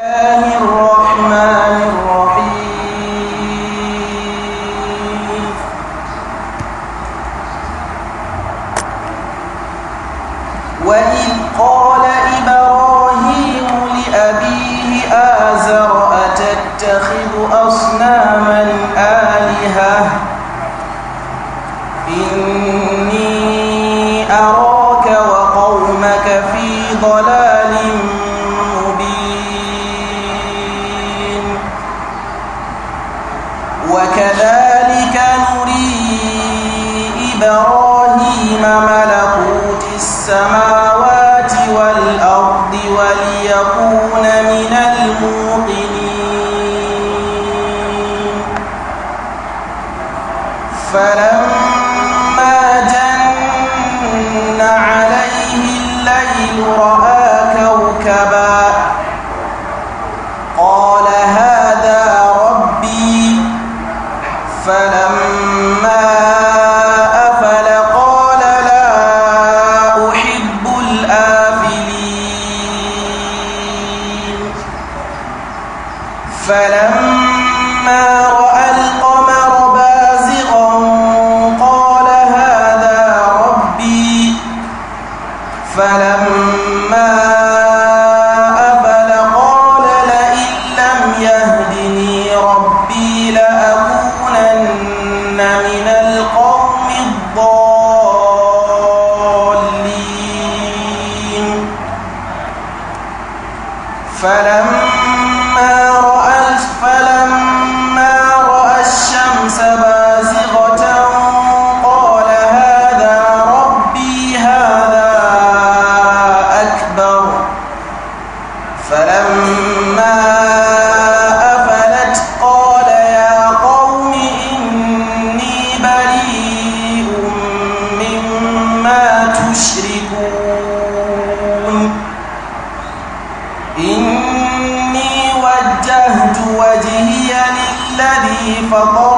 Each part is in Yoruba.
الله الرحمن السماء فطار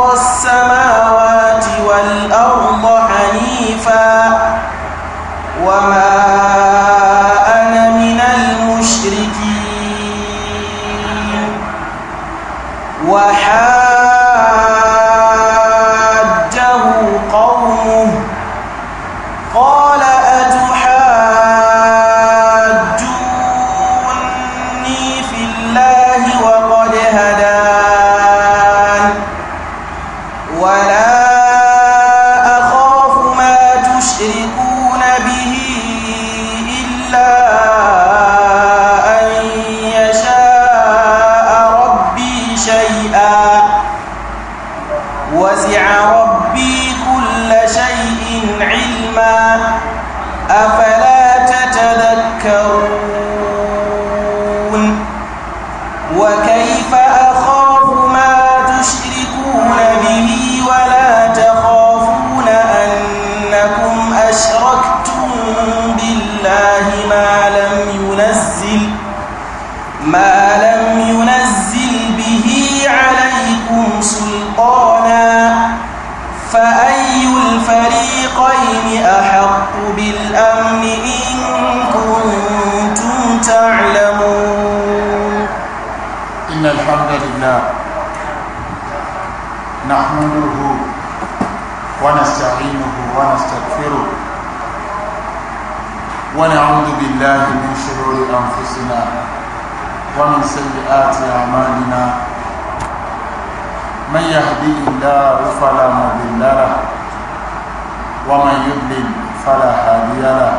ومن يضلل فلا هادي له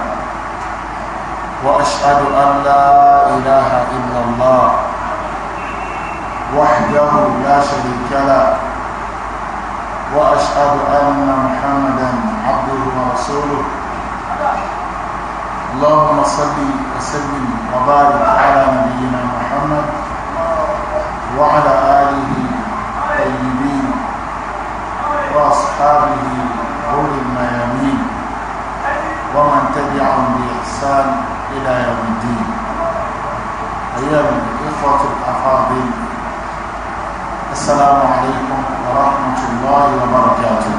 واشهد ان لا اله الا الله وحده لا شريك له واشهد ان محمدا عبده ورسوله اللهم صل وسلم وبارك على نبينا محمد وعلى اله الطيبين واصحابه ومن تبعهم بإحسان إلى يوم الدين أيها الإخوة الأفاضل السلام عليكم ورحمة الله وبركاته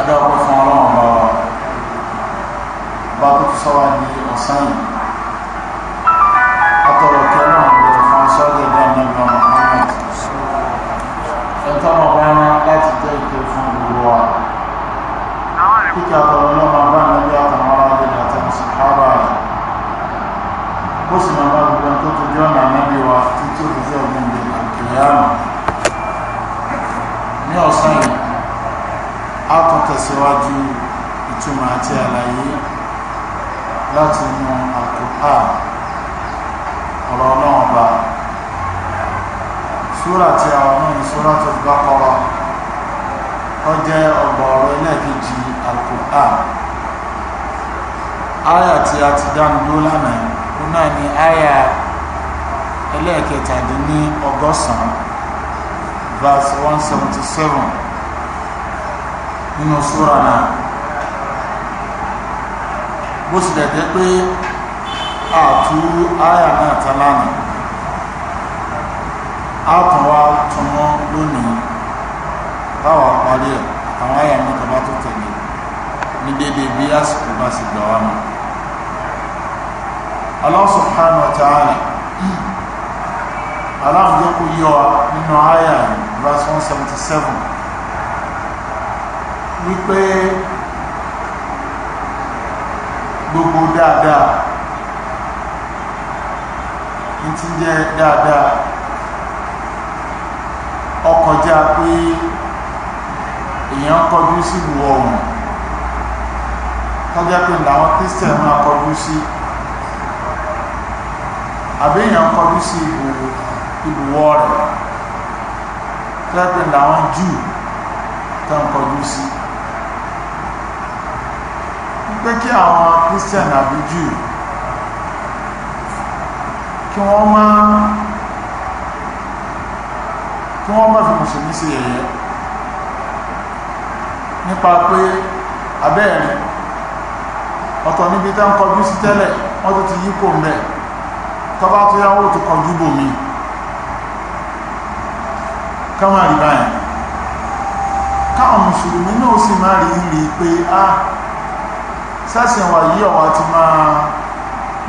أدعو الله وبركاته بابك سواني وصيني sẹ́yìn a tún tẹ̀síwájú ìtumọ̀ àti àlàyé láti inú àkùkà ọ̀rọ̀ náà bá súrà tí a wọ́n ní súrà tó bá kọ́ra ó jẹ́ ọgbọ̀n ọ̀rọ̀ ẹlẹ́ẹ̀kejì àkùkà áyà tí a ti dánu dó lánàá ó náà ní áyà ẹlẹ́ẹ̀kẹtàdínní ọgọ́sàn-án verse one seventy seven nínú súra náà bó tilẹ̀ jẹ́ pé àtú àyà náà ta lánàá a tún wá tún mọ́ lónìí báwa parí ẹ̀ àwọn àyà mi tọ́ba tó tẹ̀lé ní déédéé bí àsìkò bá sì gbà wá mọ́ Allah subhanahu wa ta'ala aláǹjẹ́ kò yọ nínú àyà yìí verse one seventy seven wípé gbogbo dáadáa ní ti jẹ́ dáadáa ọkọjá pé èèyàn kọjú sí ìwọ̀ ọ̀hún tọ́já pé làwọn kristian máa kọjú sí àbí èèyàn kọjú sí ìbùwọ̀ rẹ̀ tẹ́tẹ́ làwọn júù tán kọjú sí pé kí àwọn christian àbí júù kí wọ́n máa kí wọ́n má fi mùsùlùmí sí ẹ̀yẹ nípa pé abẹ́ẹ̀rin ọ̀tọ̀ níbi tán kọjú sí tẹ́lẹ̀ wọ́n tó ti yí kò mẹ́ tọ́bá tó yáwó tó kọjú bòmíì káwọn àríbá yẹn káwọn mùsùlùmí náà sì máa rí rí pé a ah, sẹ́sìn wà yí ọ̀wà ti máa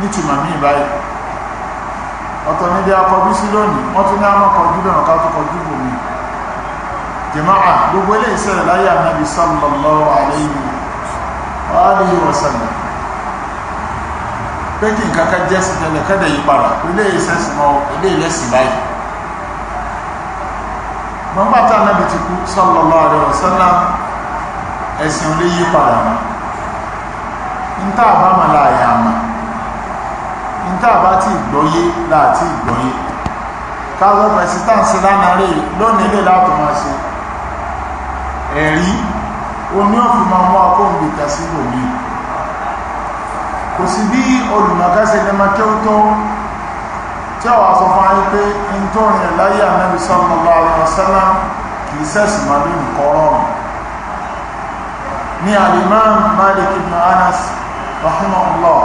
nítumà mí báyìí ọ̀tọ̀ níbi akọjú sí lónìí wọ́n tún ní àmọ́ kọjú bẹ̀rẹ̀ ká tó kọjú bò mí jẹ̀máà gbogbo ilé ìṣẹ̀lẹ̀ láyé ànábi sallallahu alayhi wa alihi wa sallam pé kí nǹkan ká jẹ́ sí tẹ́lẹ̀ kẹ́dẹ̀ yí padà ilé ìṣẹ̀sìn mọ́ ilé ìlẹ́sìn gbọ́ngbàtà náà ti kú sallallahu alaihi wasallam ẹ̀sìn olè yí padà mọ́ ń tá àbá mà láàyè àmà ń tá àbá tí ìgbọ́yé láàtí ìgbọ́yé káwọn pẹ̀sítàǹsì lánàá rè lónìí lè láàtọ̀ máa ṣe ẹ̀rí oní òfin máa mú akóhùnbí kásìkò mi kò sí bí olùmọ̀kásẹ̀ lẹ́mọ́kẹ́ tó tí àwọn sọ fún ayé pé n tó rìn láyé ànábì sallallahu alaihi wasallam kìí sẹ́sì máa ní nǹkan rọrùn ní al-Imam Malik ibn Anas rahimahullah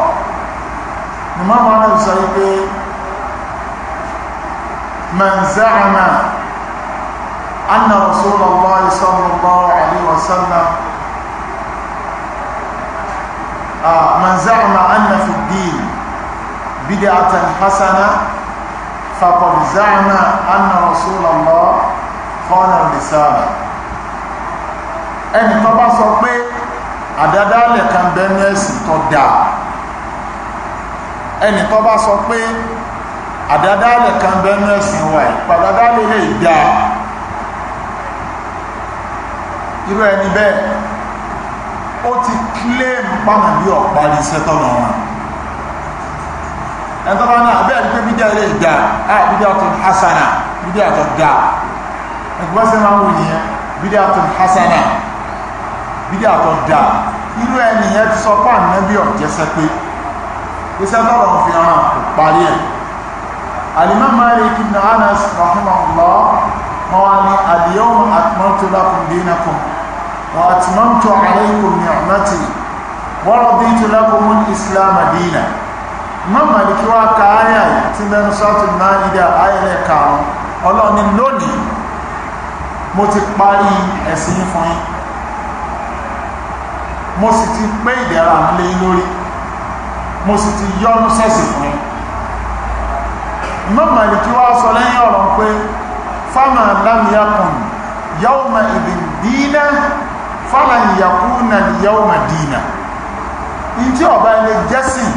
ni máa máa náà sọ wípé man za'ama anna Rasulullah sallallahu alaihi wasallam ah, man za'ama anna fi ad-din bid'atan hasana فقد زعم أن رسول الله قال الرسالة ẹni tó bá sọ pé àdádálẹ̀ kan bẹ́nu ẹ̀sìn tó dáa ẹni tó bá sọ pé àdádálẹ̀ kan bẹ́nu ẹ̀sìn wà yìí pàdádálẹ̀ lè dáa irú ẹni bẹ́ẹ̀ ó ti kílẹ̀ ń pàmò bí ọ̀parí iṣẹ́ tọ́nà ẹ̀ntọ́rọ náà bí àdúgbò bídíà ilé ìdá bídíà tó hasana bídíà tó dá ẹgbẹ́ sẹ́ni máa ń wò nìyẹn bídíà tó hasana bídíà tó dá irú ẹni yẹn ti sọ fún ànábì ọ̀jẹ́sẹ́ pé iṣẹ́ tọrọ ń fi hàn kò parí ẹ̀ alimá Malik ibn Anas rahimahullah wọn wá ní al-yawma akmaltu lakum dinakum wa atmamtu alaykum ni'mati wa raditu lakum al-islam dinan Mama ní kí wọ́n ka áyà tí na sọ́tù náà ìdá ayẹlẹ̀ karùn-ún ọlọ́run ní lónìí mo ti parí ẹ̀sìn fún yín mo sì ti pé ìdẹ̀ra lé lórí mo sì ti yọ́nú sẹ́sì fún yín mọ́mọ̀ ní kí wọ́n sọ lẹ́yìn ọ̀rọ̀ pé fáwọn alámiyàkùn yawma idin dina falan yakuna yawma dina ntí ọba ilé jẹ́sìn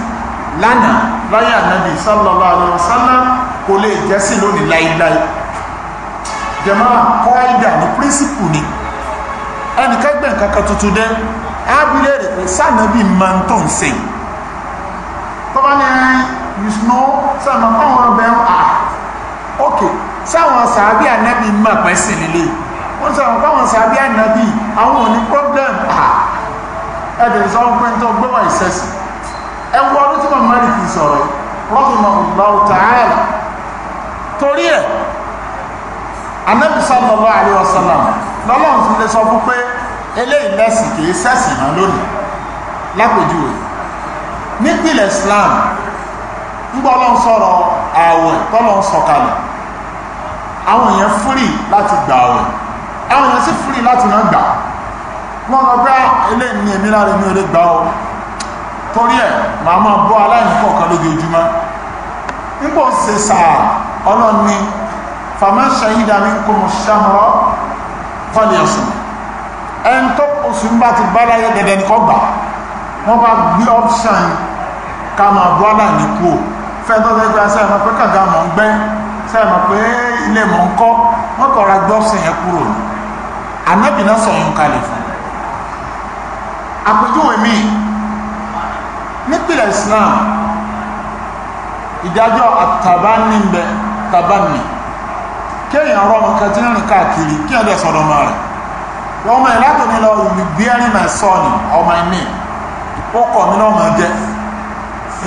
lánàá láyé ànábì sallallahu alaihi wasallam kò lè jẹ́ sí lónìí láíláí jẹ̀mọ́ kọ́ìdà ní pírísìpù ni ẹnìkẹ́gbẹ̀ nǹkan kan tuntun dẹ́ ábílẹ̀ rẹ̀ pé sànábì máa ń tó ń se tọ́ba ní ìṣúná sàmà fáwọn ọbẹ̀ à ókè sáwọn sàábì ànábì máa pẹ́ sí nílé wọ́n sàmà fáwọn sàábì ànábì àwọn ò ní problem à ẹ̀dẹ̀ sọ pé ń tọ́ gbọ́wọ́ ìṣẹ́sìn ẹwọ ọdún tí màmá rí fi sọ̀rọ̀ rọ́bìnà torí ẹ̀ anábì sallallahu alaihi wasallam lọ́lọ́run ti lè sọ fún pé eléyìí kìí sẹ́sìn náà lónìí lápèjúwe nípìnlẹ̀ Islam ńgbọ́ sọ̀rọ̀ ààwẹ̀ tọ́lọ́run sọ̀kalẹ̀ àwọn èèyàn fúrì láti gbà ààwẹ̀ àwọn èèyàn sì fúrì láti náà gbà wọ́n lọ bá ní torí ẹ̀ màá máa bọ́ aláìní kọ̀ọ̀kan lójoojúmọ́ nígbà ó ṣe sàá ọlọ́run ni faman shahida minkum ash-shahra falyasum ẹni tó oṣù ń bá ti bá láyé dẹ̀dẹ̀ nìkan gbà wọ́n bá gbé option ká máa bọ́ aláìní o fẹ́ tó fẹ́ gba sẹ́yìn mọ̀ pé kàga mọ̀ ń gbẹ́ sẹ́yìn mọ̀ pé ilé mọ̀ ń kọ́ wọ́n kọ̀ra gbé option yẹn kúrò ní anábìnà sọ̀yún kalẹ̀ fún àpèjúwe míì nípìnlẹ̀ Islam ìdájọ́ àtàbánì ń bẹ tàbánì kéèyàn rọmọ kẹtí rìn káàkiri kí ọdẹ sọdọ ọmọ rẹ wọn mọ ẹ látòmí lọ olùgbéẹ́rì my son ọmọ ẹni ó kọ̀ mí náà mọ̀ jẹ́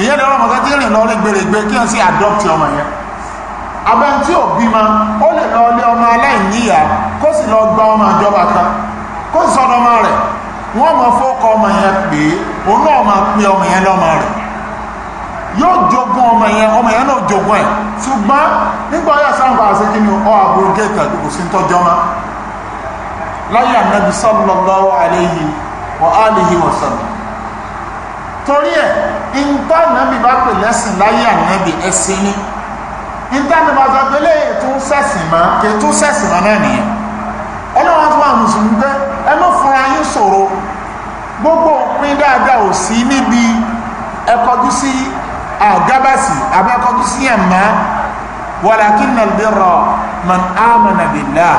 ìyẹn lè rọmọ kẹtí rìn lọ rí gbèrègbè kí wọn sì adopt ọmọ yẹn abẹ́ tí ò bímọ ó lè lọ lé ọmọ aláìníyà kó sì lọ gba ọmọ ìjọba kan kó sì sọdọ ọmọ rẹ̀ wọ́n máa fọ́kọ ọmọ yẹn pé òun náà máa ọmọ yẹn ọmọ rẹ̀ yóò jogun ọmọ yẹn ọmọ yẹn náà jogun ẹ̀ ṣùgbọ́n nígbà ọyà sáǹgbà àṣẹ ni ọ àbúrò gẹ́ẹ̀kà kò sí mọ́ láyé ànábi torí ẹ̀ bá lẹ́sìn láyé ànábi ẹ̀sìn ni ọlọ́run fún àwọn mùsùlùmí pé ẹ má fúnra yín sọ̀rọ̀ gbogbo òpin dáadáa ò sí níbi ẹ kọjú sí àgábàsì àbí ẹ kọjú sí ẹ̀má walakinnal birra man amana billah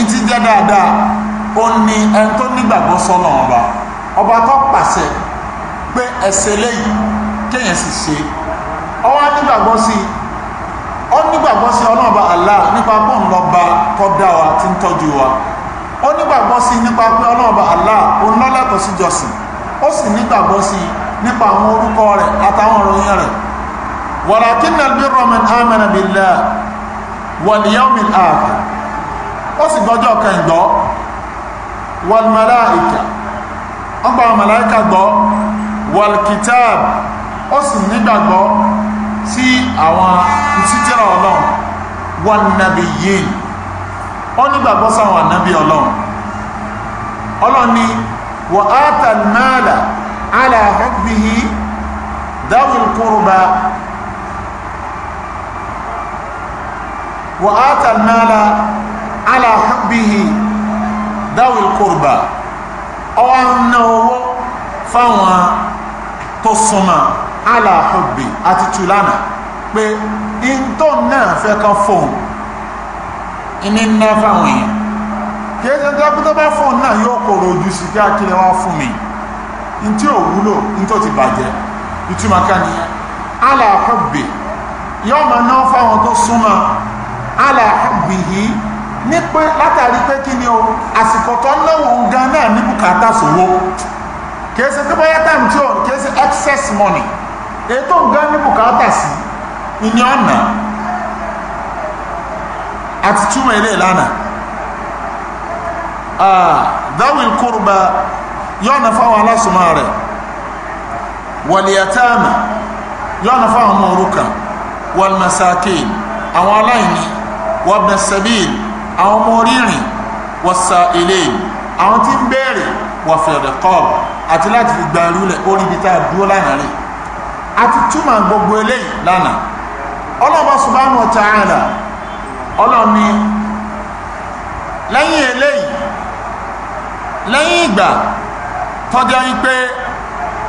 ìtì jẹ́ dáadáa ó ní ẹni tó nígbàgbọ́ sọ́nà ọba ọba tó pàṣẹ pé ẹsẹ̀ lẹ́yìn kéèyàn sì ṣe ọwọ́ nígbàgbọ́ sí i ó nígbàgbọ́ sí ọlọ́ọ̀bá Allah nípa pọ́n lọ́ba tó dá wa tí ń tọ́jú wa ó nígbàgbọ́ sí nípa pé ọlọ́ọ̀bá Allah òun lọ́lẹ́tọ̀ sí jọsìn ó sì nígbàgbọ́ sí nípa àwọn orúkọ rẹ̀ àtàwọn ìròyìn rẹ̀ walakinnal birra man amana billahi wal yawmil akhir ó sì gbọ́jọ́ kan gbọ́ wal malaika ó gba àwọn màláìka gbọ́ wal kitab ó sì nígbàgbọ́ sí àwọn ìsítẹ́rọ ọlọ́run wà nàbí yìí ó nígbàgbọ́ sáwọn ànábí ọlọ́run ọlọ́run ni wà á tà náàlà aláhọ́bìhì dáwìl kúrúbà wà á tà náàlà aláhọ́bìhì dáwìl kúrúbà ọwọ́ ń ná fáwọn tó súnmọ́ aláhùbì àti tùlánà pé ìntọ́ náà fẹ́ kan fóun iní ná fáwọn èèyàn kí ẹ jẹ́ pé tó bá fóun náà yóò kòrò ojú sí kí akílẹ̀ wá fún mi n tí ò wúlò n tó ti bàjẹ́ ìtumọ̀ ká nìyẹn aláhùbì yóò máa ná fáwọn tó súnmọ́ aláhùbì yìí ní pé látàrí pé kí ni o àsìkò tó náwó gan náà ní bùkátà sówó kì tó bá yá táìmù tí ò excess money ètò nǹkan ní bùkátà sí ní ọ̀nà àti túmọ̀ ilé ìlànà dáwìl kúrúba yọ̀nà fáwọn alásùnmọ́ rẹ̀ wàlíyàtàmà yọ̀nà fáwọn ọmọ òrukàn wàlmàsákìn àwọn aláìní wàbẹ̀sẹ̀bìn àwọn ọmọ orírìn wàsà ilé àwọn tí ń béèrè wàfẹ̀rẹ̀ kọ́ọ̀bù àti láti fi gbàrú lẹ̀ ó ibi tá a dúró lánàá rẹ̀ àti túmọ̀ gbogbo eléyìí lánàá ọlọ́ọ̀bá subhanahu wa ta'ala ọlọ́ọ̀ni lẹ́yìn eléyìí lẹ́yìn ìgbà tọ́jọ́ yí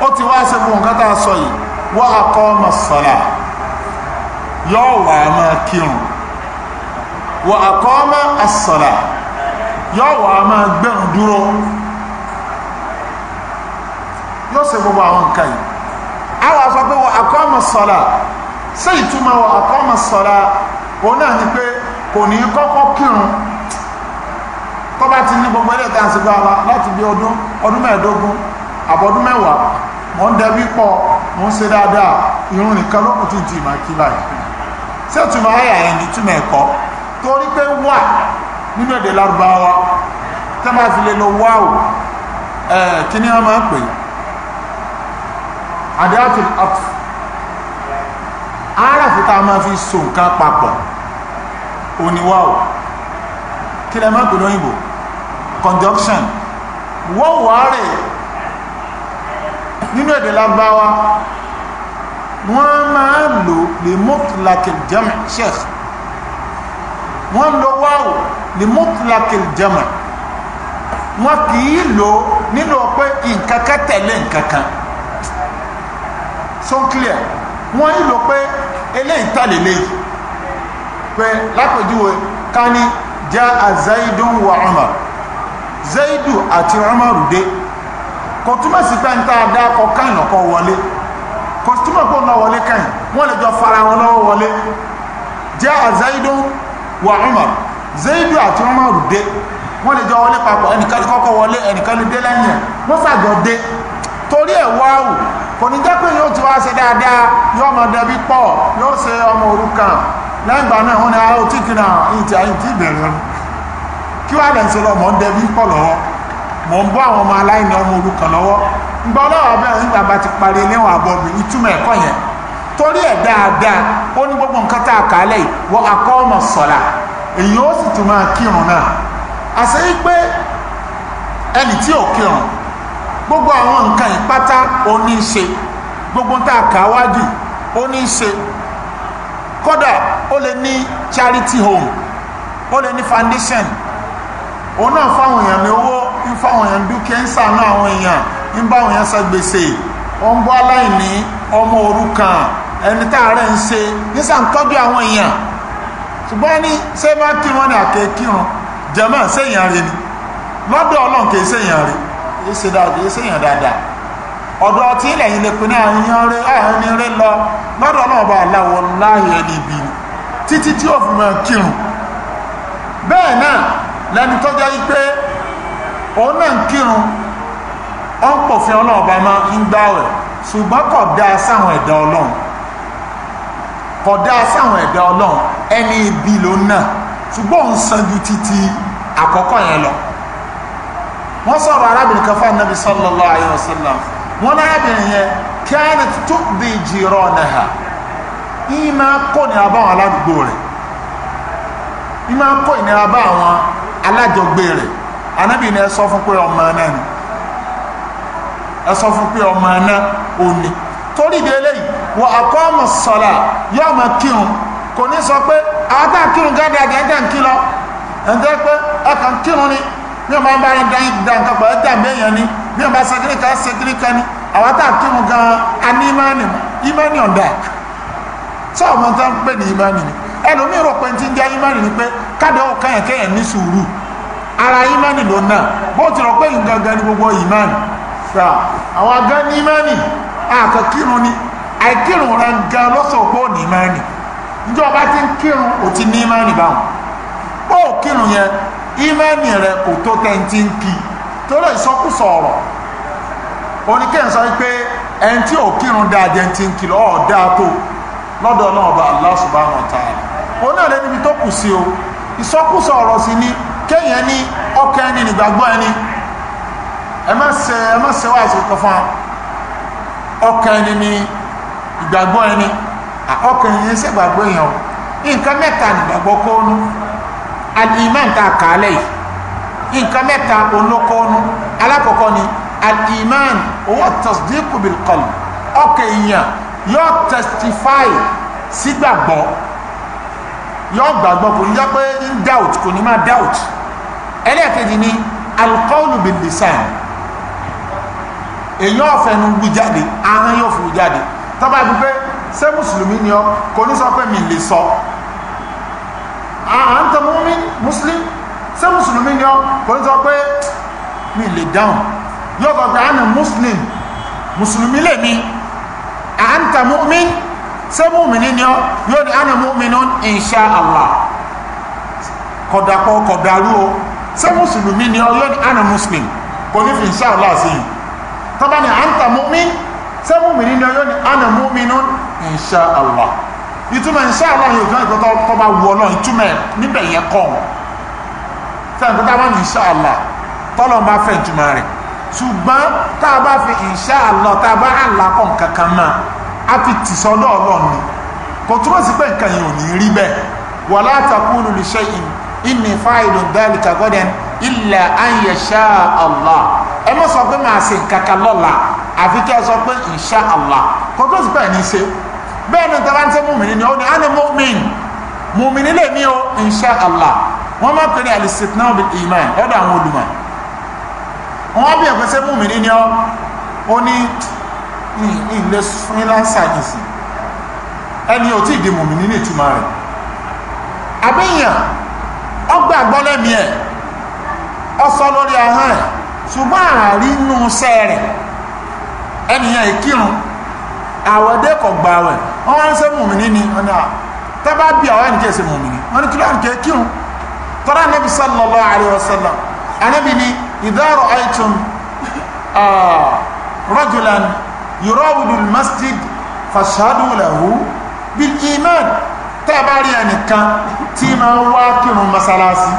ó ti wá ṣe gbogbo nǹkan tá a sọ yìí wa akọọma as-salah yóò wà máa kírun akọọma asọla as-salah yóò wà máa gbẹ̀rún dúró yóò ṣe gbogbo àwọn nǹkan a wà sọ pé wọ akọ́mọ̀ sọ̀lá sí wọ òun náà ni pé kò ní kọ́kọ́ kírun tó bá ti ní gbogbo ẹlẹ́ta àsìkò àwa láti bí ọdún ọdún mẹ́ẹ̀ẹ́dógún àbọdún mẹ́wàá mọ́ ń dẹbí ń ṣe dáadáa irun nìkan ló kù tí ti máa kí báyìí ayà ní torí pé wà nínú èdè adatul aqf arafu tá a máa fi so nǹkan papọ̀ oníwáwò kí lẹ máa pè lóyìnbó conjunction wọ́n wà rẹ̀ nínú èdè lágbáwá wọ́n máa lò lè mọ́tìlákìl jẹ́mẹ̀ sheikh wọ́n lò wáwò lè mọ́tìlákìl jẹ́mẹ̀ wọ́n kì í lò nílò pé nǹkankan tẹ̀lé nǹkankan so clear wọ́n nílò pé eléyìí tàlè léyìí pé lápèjúwe ká ní já a zaidun wa umar zaidu àti umar dé kò túmọ̀ sí pé ń tá a dá akọ káyìn ọkọ wọlé kò túmọ̀ pé ń lọ wọlé káyìn wọ́n lè jọ fara wọn lọ́wọ́ wọlé já a zaidun wa umar zaidu àti umar dé wọ́n lè jọ wọlé papọ̀ ẹnìkan kọ́kọ́ wọlé ẹnìkan lè dé lẹ́yìn ẹ̀ wọ́n sàjọ dé torí ẹ̀ wá wù kò ní ihe yóò ti wá ṣe dáadáa yóò mọ̀ pọ̀ yóò ṣe ọmọ òrukàn lẹ́yìn ìgbà náà wọ́n ní ayé ah, òtí kìnnà ìtì ayé ìtì ìbẹ̀rẹ̀ kí wàá dẹ̀ lọ mọ̀ pọ̀ ọmọ aláìní ọmọ lọ́wọ́ nígbà bá ti parí àbọ̀ mi ìtumọ̀ ẹ̀kọ́ yẹn torí ẹ̀ dáadáa ó ní a sọ̀la èyí ó sì tún máa kírun náà àṣeyí pé ẹnì gbogbo àwọn nǹkan ìpátá onise gbogbo tá a kà wádìí ó ní charity home ó lè ní foundation òun náà fáwọn èèyàn ní owó ń fáwọn èèyàn dúkìá ń sàánú àwọn èèyàn ń bá àwọn èèyàn san gbèsè ó ń bọ́ aláìní ọmọ òrukàn ẹni tá a rẹ̀ ń ṣe ń sàǹtọ́jú àwọn èèyàn ni lọ́dọ̀ ọlọ́run kì ọdụ dáa kì dáadáa ọ̀dọ̀ tí ilẹ̀ yìí lè pin ní àwọn èèyàn rẹ lọ lọ́dọ̀ ọlọ́ọ̀bá aláwọ̀ láàyè ẹni ibi títí tí ó fi máa kírun bẹ́ẹ̀ náà lẹni tó jẹ́ pé òun náà ń kírun ó ń ọlọ́ọ̀bá máa ń ṣùgbọ́n kò dáa sáwọn ẹ̀dá ọlọ́run sáwọn wọ́n sọ̀rọ̀ arábìnrin kan fún anabi sallallahu alayhi wa sallam wọ́n ní arábìnrin yẹn kanat tu'dhi jiranaha yìí máa kó ní abá àwọn aládùúgbò rẹ̀ yìí máa kó ní abá àwọn alájọgbé rẹ̀ anábì ni ẹ sọ fún pé ọmọ náà ni ẹ sọ fún pé ọmọ náà ò ní torí ìdí eléyìí wọ àkọ́ọ̀mù sọ̀là yóò máa kírun kò ní sọ pé àwọn tá à ń kírun gádàgádà ń kí lọ ẹ̀ ń jẹ́ pé ẹ kàn kírun ni bí wọn bá ń bára dá ìgbà nǹkan pẹ̀lú dàmé èèyàn ni bí wọn bá ṣe kan ṣe kan ni àwọn tá a kírun gan a ní ìmánì ìmánì ọ̀dà sọ ọmọ tó ń pè ní ìmánì ni ẹlòmíì rò pé ti ń ni pé káde ní sùúrù ara ìmánì ló náà bó ti rò pé ìgangan ni gbogbo ìmánì fà àwọn agán ní ìmánì ni àìkírun rẹ gan lọ́sọ̀ọ́gbó ní ìmánì níjọba ti ń kírun ò ti ní ìmánì báwọn bó kírun yẹn ìmẹ́ni rẹ kò tó tẹ́ntì ń kí torí ìsọkúsọ ọ̀rọ̀ oníkẹ́yìn sọ wípé ẹni tí ò kírun dáa jẹ́ ti ń kí lọ́ ọ̀dá tó lọ́dọ̀ náà bá Allah subhanahu wa ta'ala ó náà lé níbi tó kù sí o ìsọkúsọ ọ̀rọ̀ sí ni kéèyàn ní ọkọ ẹni nígbàgbọ́ ẹni ẹ má ṣe ẹ má ṣe wáàsí kọ fún wa ọkọ ẹni ní ìgbàgbọ́ ẹni ọkọ ẹni ṣe gbàgbọ́ èèyàn nǹkan mẹ́ta nígbàgbọ́ kó nù al-iman tá a kà á lẹ́yìn nǹkan mẹ́ta olókọ́nu alákọ̀ọ́kọ́ ni al-iman huwa tasdiqu bil qalb ọkọ̀ èèyàn yóò testify sígbàgbọ́ yóò gbàgbọ́ kò ní jẹ́ pé in doubt kò ní máa doubt ẹlẹ́ẹ̀kejì ni al-qawlu bil lisan èèyàn ọ̀fẹ́nu wí jáde ahọ́n yóò fi wí jáde tọ́ba pé ṣé mùsùlùmí ni ọ kò ní sọ pé mi lè sọ à ń tẹ mọ́mí muslim ṣé mùsùlùmí ni ọ kò ní sọ pé mi lè dáhùn yóò sọ pé àmì muslim mùsùlùmí lè mi à ń tẹ mọ́mí ṣé mùmí ni ọ yóò ní àmì mọ́mí ní insha Allah kọ̀dàpọ̀ kọ̀dàrú o ṣé mùsùlùmí ni ọ yóò ní àmì muslim kò ní fi insha Allah sí i tọ́ba ni à ń tẹ mọ́mí ṣé mùmí ni ọ yóò ní àmì mọ́mí ní insha Allah ìtumọ̀ insha Allah yóò fẹ́ ìpẹ́tọ́ tó bá wù ọlọ́run ìtumọ̀ níbẹ̀ yẹn kọ́ wọn fẹ́ ìpẹ́tọ́ bá ní insha Allah tọ́lọ́ bá fẹ́ ìtumọ̀ rẹ̀ ṣùgbọ́n tá a bá fi insha Allah tá a bá àlàkọ̀ kankan náà a fi tìṣọ́ lọ́ọ̀lọ́ ni kò túmọ̀ sí pé nǹkan yìí ò ní rí bẹ́ẹ̀ wala taqulu li shay'in inni bẹ́ẹ̀ ni tara ń sẹ́ mùmìnì ni ó ní àná mùmìnì mùmìnì lè ní o insha allah wọ́n máa pè ní alìsìtìnà òbí iman ọ̀dọ̀ àwọn olùmọ̀ wọ́n bí ẹ̀kọ́ sẹ́ mùmìnì ni ó ó ní ilé freelancer nìsín ẹni ò tí di mùmìnì ní ìtumọ̀ rẹ̀ àbẹ́yàn ọgbà gbọ́lẹ́mí ẹ̀ ọsọ lórí ahọ́n ẹ̀ ṣùgbọ́n àárí nù sẹ́ẹ̀rẹ̀ ẹnìyàn ìkírun àwọ̀dẹ́kọ̀ gbàwẹ̀ wọ́n wá ń sẹ́ mùmìnì ni wọ́n ní à tẹ́bá bí àwọn ẹnìkẹ́ ṣe mùmìnì wọ́n ní kílọ̀ ẹnìkẹ́ kí wọn tọ́lá anábì sallallahu alaihi wasallam anábì ni idha ra'aytum rajulan yurawidul masjid fashhadu lahu bil iman tẹ́bá rí ẹnìkan tí máa wá kírun masalasi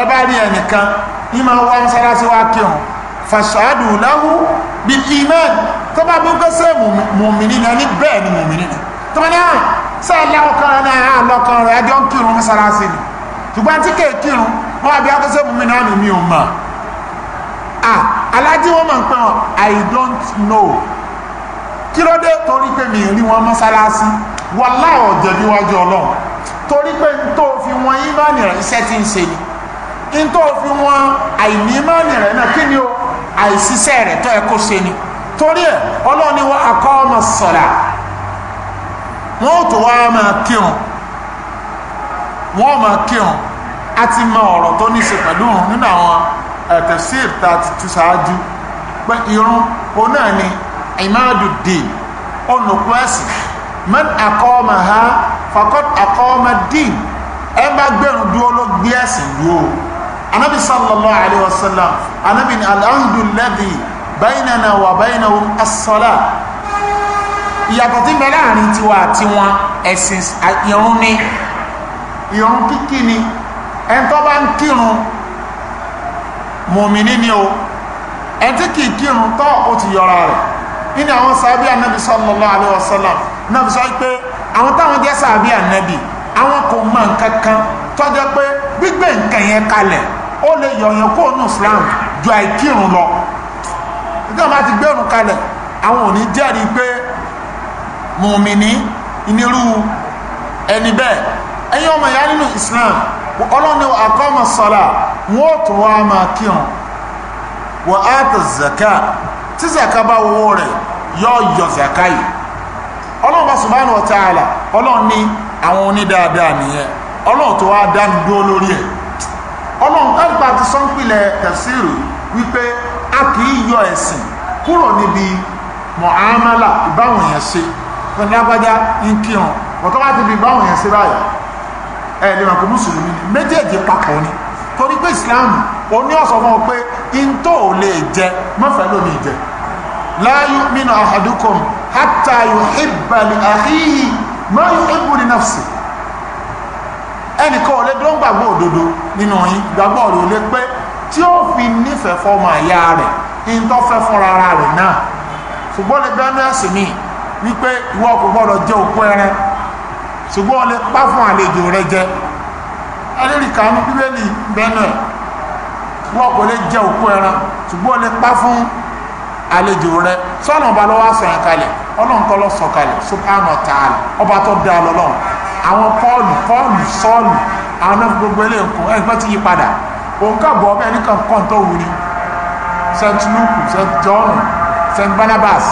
ẹ bá rí ẹnìkan ní máa wá masalasi wá kírun fashhadu bil iman tó bá mú pé sẹ́ mùmìnì náà ní bẹ́ẹ̀ ni mùmìnì ah, náà tó ah, ní àrùn sẹ́ ẹlẹ́ọ̀kan rẹ̀ náà àlọ́kan rẹ̀ ẹjọ́ ń kírun mọ́sálásí ni ṣùgbọ́n tí kèé kírun wọ́n wá bí akọ́sẹ́ mùmìnì náà mi ò mọ̀ ah alájí wọn máa ń pẹ́ wọn i don't know kí ló dé torí pé mi rí wọn mọ́sálásí wàlá ọ̀jẹ̀bí wájú ọlọ́run torí pé n tó fi wọn ìmánì rẹ̀ iṣẹ́ tí ń ṣe ni n tó fi wọn àìní ìmánì rẹ̀ náà kí ni o àìsíṣẹ́ rẹ̀ tó ẹ kó ṣe ni torí ẹ̀ ọlọ́run ni wọ́n akọ́ ọmọ sọ̀rà wọ́n ò tó wá máa kírun wọ́n máa kírun a ti mọ ọ̀rọ̀ tó ní ṣe pẹ̀lú òun nínú àwọn tafsir tá a ti tú ṣáájú pé irun òun náà ni imadu din ọ̀nùkú ẹ̀sìn man akọ́ ọmọ ha fakọ́t akọ́ ọmọ din ẹ bá gbẹ̀rún dúró ló gbé ẹ̀sìn dúró anabi sallallahu alayhi wa sallam anabi ni alhamdulilayi bainana wa bainahum as-sala ìyàtọ̀ tí ń bẹ láàrin tiwa àti wọn ẹ̀sìn ìrun ni ìrun kíkí ni ẹni tó bá ń kírun mùmíní ni o ẹni tí kì í kírun tó o ti yọra rẹ̀ nínú àwọn sàbí ànábì sallallahu alaihi wasallam náà fi sọ pé àwọn táwọn jẹ́ sàbí ànábì àwọn kò mọ nǹkan kan tọ́jọ́ pé gbígbé nǹkan yẹn kalẹ̀ ó lè yọ̀yàn kó nù Islam ju àìkírun lọ nígbà máa ti gbẹ̀rún kalẹ̀ àwọn ò ní jẹ́rìí pé mùmìnì inírú ẹni bẹ́ẹ̀ ẹ̀yin ọmọ ìyá nínú Islam ọlọ́ni àkọ́mọ̀ sọ́lá wọ́n tó wá máa kírun wọ́n á tẹ̀ zaka tí zaka bá wọ́wọ́ rẹ̀ yọ yọ zaka yìí ọlọ́run bá subhanahu wa ta'ala ọlọ́run ní àwọn onídáadáa nìyẹn ọlọ́run tó wá dá mi dúró lórí ẹ̀ ọlọ́run kárípa ti sọ́ńpìlẹ̀ tafsiru wípé a kì í yọ ẹ̀sìn kúrò níbi mọ̀hámálà ìbáwọn èèyàn ṣe pẹ̀lú agbájá ń kí hàn ọ̀tọ́ bá ti bí ìbáwọn èèyàn ṣe báyìí ẹ̀ lè ràn kó mùsùlùmí ni méjèèjì papọ̀ ni torí pé islam ó ní ọ̀sọ̀ fún ọ pé in tó ò lè jẹ mọ́fẹ́ lómi jẹ la yu'minu ahadukum hatta yuhibba li akhihi ma yuhibbu li nafsi ẹnìkan ò lè dúró gbàgbọ́ òdodo nínú yín gbàgbọ́ rẹ̀ ò lè pé tí ó fi nífẹ̀ẹ́ fọmọ àyá rẹ̀ ní tó fẹ́ fúnra ara rẹ̀ náà ṣùgbọ́n lè bẹ́ẹ̀ náà sì ní wípé ìwọ kò gbọ́dọ̀ jẹ́ òkú ẹran ṣùgbọ́n lè pa fún àlejò rẹ jẹ ẹlẹ́rìí kan ní bíbélì bẹ́ẹ̀ ìwọ kò lè jẹ́ òkú ẹran ṣùgbọ́n lè pa fún àlejò rẹ sọ́nà ọba lọ́wọ́ sọ yẹn kalẹ̀ ọlọ́run kọ́ lọ sọ kalẹ̀ subhanahu wa ta'ala ọba tó dá lọ́lọ́run àwọn pọ́ọ̀lù pọ́ọ̀lù sọ́ọ̀lù àwọn náà gbogbo eléyìí kò ẹgbẹ́ ti yí padà òun kàn bọ̀ ọmọ ẹni kan kàn tó wù ní st luke st john st barnabas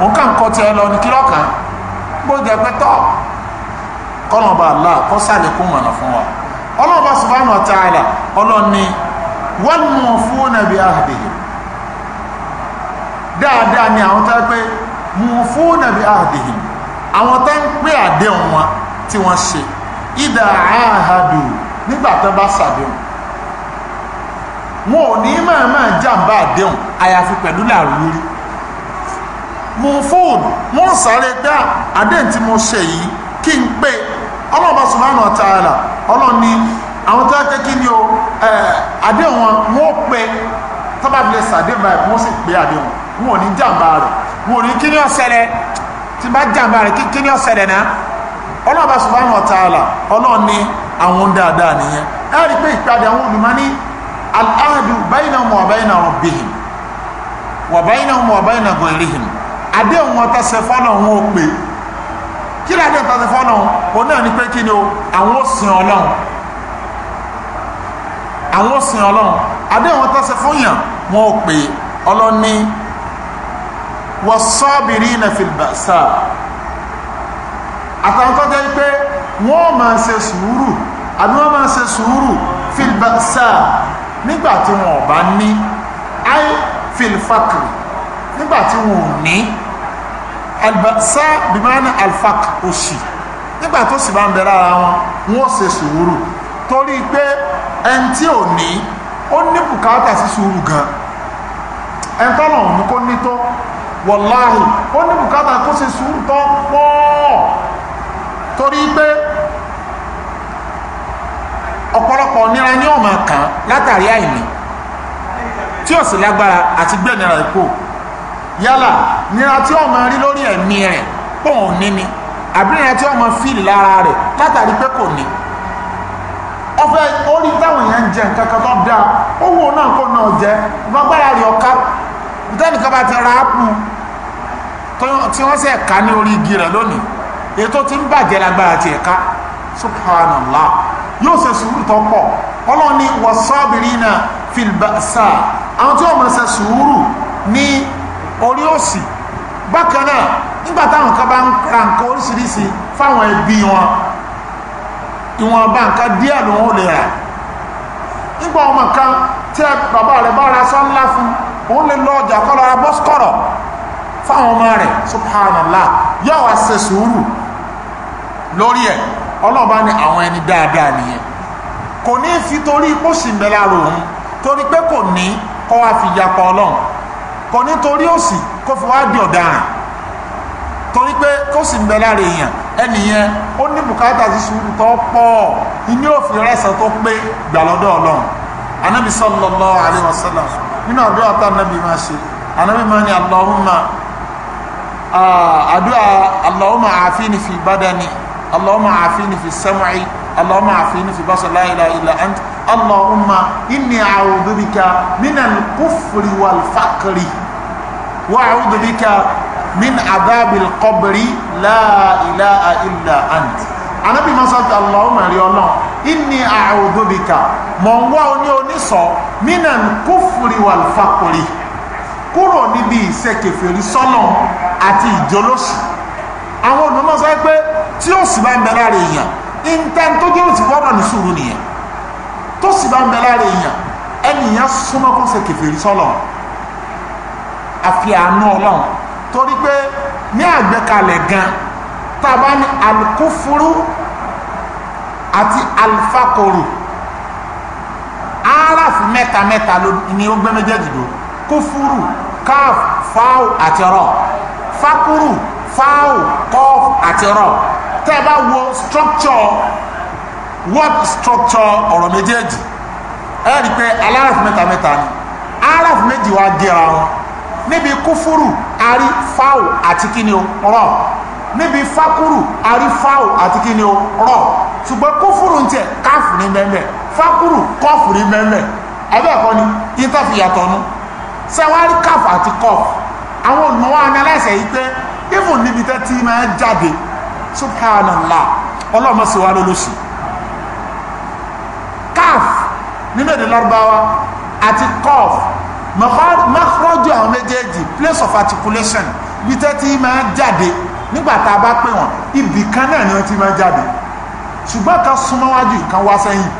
òun kàn kọ́ tiẹ̀ lọ ní kílọ̀kan bó jẹ́ pé tọ́ kọ́nọ̀bà Allah kọ́ sàlékún mọ̀nà fún wa ọlọ́ọ̀bá subhanahu wa ta'ala ọlọ́ni wọ́n mú fún nàbí àhàdìyẹ dáadáa ni àwọn tá pé mú fún nàbí àhàdìyẹ àwọn tá ń pè àdéhùn wọn tí wọ́n ṣe ìdá àhàdù nígbà tó bá ṣàdéhùn wọn ò ní máa máa jàǹbá àdéhùn àyàfi pẹ̀lú làrú lórí mo fóònù wọ́n sáré dá àdéhùn tí mo ṣe yìí kí n pé ọlọ́ọ̀bá subhanahu wa ta'ala ọlọ́ọ̀ ni àwọn tó kẹ́kí ni o àdéhùn wọn wọ́n pé tọ́ba fi lè sàdéhùn báyìí wọ́n sì pé àdéhùn wọn ò ní jàǹbá rẹ̀ wọn ò ní kí ni ó ṣẹlẹ̀ tí bá jàǹbá rẹ̀ kí ni ó ṣẹlẹ̀ náà ọlọ́ọ̀bá subhanahu wa ta'ala ọlọ́ọ̀ ni àwọn dáadáa nìyẹn ẹ rí i pé ìpàdé àwọn olùmọ́ al-ahdu bainahum wa baina rabbihim wa bainahum wa baina ghayrihim àdéhùn wọn tó ṣe fọ́nà wọn ò pé kí ni àdéhùn tó ṣe fọ́nà òun náà ni pé kí ni o àwọn ò sìn ọlọ́run àwọn ò sìn ọlọ́run àdéhùn tó ṣe fún yàn wọn ò pé ọlọ́ni was-sabirina fil-ba'sa àtàwọn tó jẹ́ pé wọ́n máa ṣe nígbà tí wọn ò bá ní i feel fakiri nígbà tí wọn ò ní albasa bimana alfak òṣì nígbà tó sì bá ń bẹ lára wọn wọn ṣe sùúrù torí pé ẹni tí ò ní ó ní bùkátà sí sùúrù gan ẹni tọ́nà ò ní kó ní tó wọláhì ó ní bùkátà kó ṣe sùúrù tó pọ̀ torí pé ọ̀pọ̀lọpọ̀ nira ní ọ̀mà kan látàrí àìní tí ó sì lágbára àti gbẹ̀nira ìpò yálà nira tí ọmọ rí lórí ẹ̀mí rẹ̀ pọ̀ ní ni àbí nira tí ọmọ fíìlì lára rẹ̀ látàrí pé kò ní ọfẹ orí táwọn èèyàn ń jẹ nǹkan kan tó dáa owó náà kò náà jẹ gbọgbára rẹ ọká ìtẹnìkan bá ti ra ápù tí wọ́n sì ẹ̀ka ní orí igi rẹ̀ lónìí ètò tí ń bàjẹ́ lágbára ti ẹ̀ka subhanallah yóò ṣe sùúrù tó pọ̀ ọlọ́run ní wasabirina fil ba'sa àwọn tí wọ́n máa ṣe sùúrù ní orí òsì bákan náà nígbà táwọn kan bá ń ra nǹkan oríṣiríṣi fáwọn ẹbí wọn ìwọ̀nba nǹkan díẹ̀ ló ń lè rà nígbà ọmọ kan tí bàbá rẹ̀ bá ra sọ ńlá fún òun lè lọ ọjà kọ́ lọ ra bọ́skọ̀rọ̀ fáwọn ọmọ rẹ̀ subhanallah yóò wá ṣe sùúrù lórí ẹ̀ ọlọ́run bá ní àwọn ẹni dáadáa nìyẹn kò ní fi torí ipò sì ń bẹ lára òun torí pé kò ní kó wá fi yapa ọlọ́run kò ní torí òsì kó fi wá di ọ̀daràn torí pé kó sì ń bẹ lára èèyàn ẹnìyẹn ó ní bùkátà sí sùúrù tó pọ̀ inú òfin rẹ̀sán tó pé gbà lọ́dọ̀ ọlọ́run anabi sallallahu alayhi wa sallam nínú àdúrà tá anabi máa ṣe anabi máa ní allahumma àdúrà allahumma àfíìní fi badani اللهم عافيني في السمع اللهم عافيني في بصر لا إله إلا أنت اللهم إني أعوذ بك من الكفر والفقر وأعوذ بك من عذاب القبر لا إله إلا أنت أنا بما صلت اللهم ريولون إني أعوذ بك من وعني ونسو من الكفر والفقر kúrò níbi ìṣẹ́kẹfẹ̀rí sọ́nà àti ìjọlọ́sì àwọn olùmọ̀ pé tí ó sì bá ń bẹ lára èèyàn nǹkan tó jẹ́ òtí wọ́n ní sùúrù nìyẹn tó sì bá ń bẹ lára èèyàn ẹnìyàn súnmọ́ kó ṣe kèfèrí sọ́lọ̀ àfi àánú ọlọ́run torí pé ní àgbékalẹ̀ gan tá a bá ní alukófuru àti alifakoru aráàfù mẹ́ta mẹ́ta ni ó gbé méjèèjì dò kófuru káf fáwù àti rọ fakuru fáwù kọf àti rọ tẹ́ ẹ bá wo structure word structure ọ̀rọ̀ méjèèjì ẹ rí i pé aláràfù mẹ́ta mẹ́ta ni aláràfù méjì wá gẹ́ra wọn níbi kúfúrù arí fáwù àti kíni o rọ níbi fákúrù arí fáwù àti kíni o rọ ṣùgbọ́n kúfúrù ń tiẹ̀ káfù ní mẹ́mẹ́ fákúrù kọ́fù ní mẹ́mẹ́ ẹ̀bẹ́ ẹ̀kọ́ ni ìtàfìyàtọ̀ nu sẹ́wárí káfù àti kọ́fù àwọn olùmọ̀wá analyse yìí pé even níbi tẹ́ tí máa jáde subhanallah ọlọ́mọ sí wa lólóṣì kaf nínú èdè lárúbáwá àti kof mọ́kọ́rọ́jù àwọn méjèèjì place of articulation bí tẹ́ ti máa jáde nígbà tá a bá pè wọ́n ibì kan náà ni wọ́n ti máa jáde ṣùgbọ́n kan súnmọ́ wájú kan wá sẹ́yìn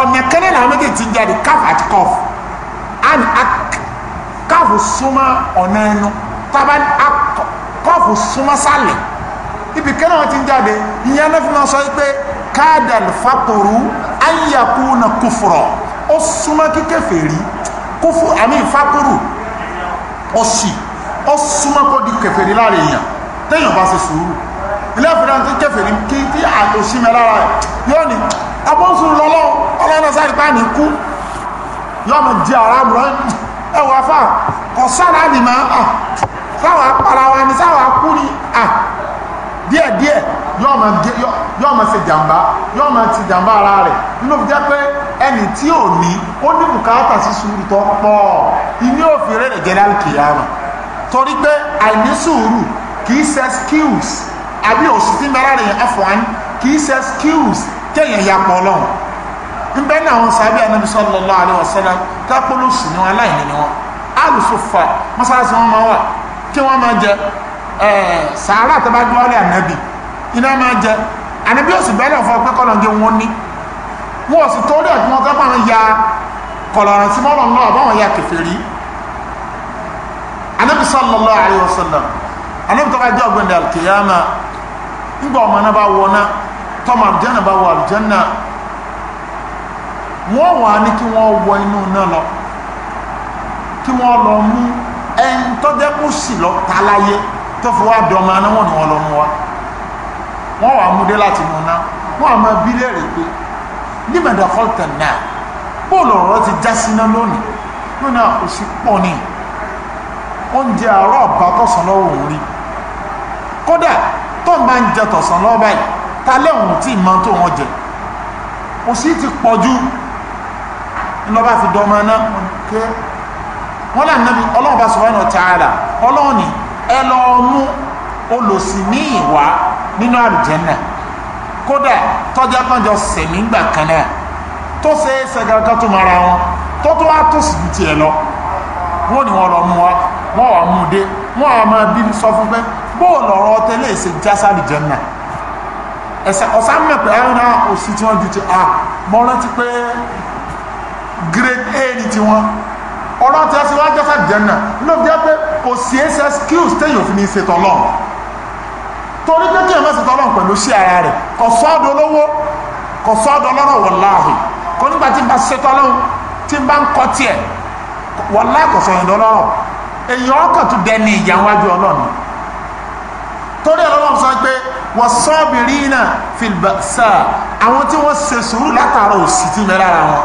ọ̀nà kẹ́lẹ́ làwọn méjèèjì ti jáde kaf àti kof and kaf súnmọ́ ọ̀nà ẹnu tábà kọ́ọ̀fù súnmọ́ sálẹ̀ ibi kẹ́nà wọn ti ń jáde ìyẹn náà fi máa sọ pé káàdàl fàkòrú ayàkú na kófòrò ó súnmọ́ kíkẹ́ fèrí kófò àmì fàkòrú ó sì ó súnmọ́ kó di kẹfèrí láàrin èèyàn téèyàn bá ṣe sùúrù ilé ìfìdá ti kẹfèrí kí tí àlòsímẹ lára ẹ yóò ní abọ́sùn lọ́lọ́ ọlọ́run sáré bá ní kú yóò mọ̀ jẹ́ aráàmù rẹ ẹwà fà kọ̀sára nìmọ̀ à sáwà para ni sáwà kú ni díẹ̀díẹ̀ yóò máa ṣe jàǹbá yóò máa ti jàǹbá ara rẹ̀ nínú fi jẹ́ pé ẹni tí ò ní ó ní bùkátà sí sùúrù tó pọ̀ ilé òfin rẹ̀ general jẹ́lá kìyàmà torí pé àìní sùúrù kìí ṣe skills àbí òsì tí mẹ́rà rẹ̀ f1 kìí ṣe skills kéèyàn ya pọ̀ lọ́hùn ń bẹ́ẹ̀ náà wọn sábẹ́ Ànábì sallallahu alaihi wasallam tápólósì ni wọn aláìní ni wọn alùsùfà mọ́sálásí wọn máa wà kí wọ́n máa jẹ Eh, sàárà tó bá gbọ́ ọ́lẹ̀ ànábì iná máa jẹ ànábì ò sì bẹ́lẹ̀ fún ọpẹ́ kọ́lọ̀ gé wọn ní wọn ò sì torí ẹ̀kún ọkọ̀ máa ya kọ̀lọ̀rọ̀ sí mọ́lọ̀ náà báwọn ya kèfèrí ànábì sallallahu alaihi wasallam ànábì tó bá jẹ́ ọ̀gbìn alkiyama ńgbà ọmọ náà bá wọ náà tọ́mọ àbújánà bá wọ àbújánà wọ́n wà ní kí wọ́n wọ inú náà lọ kí wọ́n lọ mú ẹni tó kó sì lọ táláyé tó fi wá dọmọ aná wọn wa wọn wà múdé láti mú ná wọn àmọ́ bí léèrè pé nígbàdà fọltàn náà bóòlù ọ̀rọ̀ ti já síná lónìí lónìí àkóso pọ̀ ni oúnjẹ àárọ̀ ọ̀bà tọ̀sán lọ́wọ́ òun rí kódà tó ń bá ń jẹ tọ̀sán lọ́wọ́ báyìí ta lẹ́hùn tí ìmọ̀ tó wọn jẹ kò sí ti pọ̀ ju ńlọ́ba fi dọ́mọ náà ké wọn là ń nábi ọlọ́run náà tààlà ọlọ́run ẹ lọ mú olùsìn ní ìwà nínú àlùjẹ́nà kódà tọ́jà kan jọ gbà kan náà tó ṣe é ṣe gangan tó mara wọn tó tó wá tó sì ju tiẹ̀ lọ wọn ni wọn lọ mú wa wọn wà mú dé wọn wà máa bí sọ fún pé bóòlù ọ̀rọ̀ tẹ́lẹ̀ ṣe jásá àlùjẹ́nà ẹsẹ ọsàn mẹpẹ ẹyìn náà òsì tí wọn ju ti a mọ rántí pé grade a ni tiwọn ọlọ́tí ẹsẹ wọn jásá àlùjẹ́nà ló pé kò sí ẹsẹ̀ skills téèyàn fi ní ṣètò ọlọ́run torí pé kí ẹ má ṣètò ọlọ́run pẹ̀lú sí ara rẹ̀ kò sọ́dọ̀ lówó kò sọ́dọ̀ lọ́rọ̀ wọ̀láhì kò nígbà tí n bá ṣètò ọlọ́run tí n bá ń kọ́ tiẹ̀ wọ̀láhì kò sọ̀yìn lọ́rọ̀ èèyàn ọkàn tún dẹni ìyà wájú ọlọ́run torí ọlọ́run sọ pé wọ́n sọ́ọ̀bì rí náà fìlbàṣà àwọn tí wọ́n ṣe sùúrù látàrọ òsì tí mẹ́lára wọn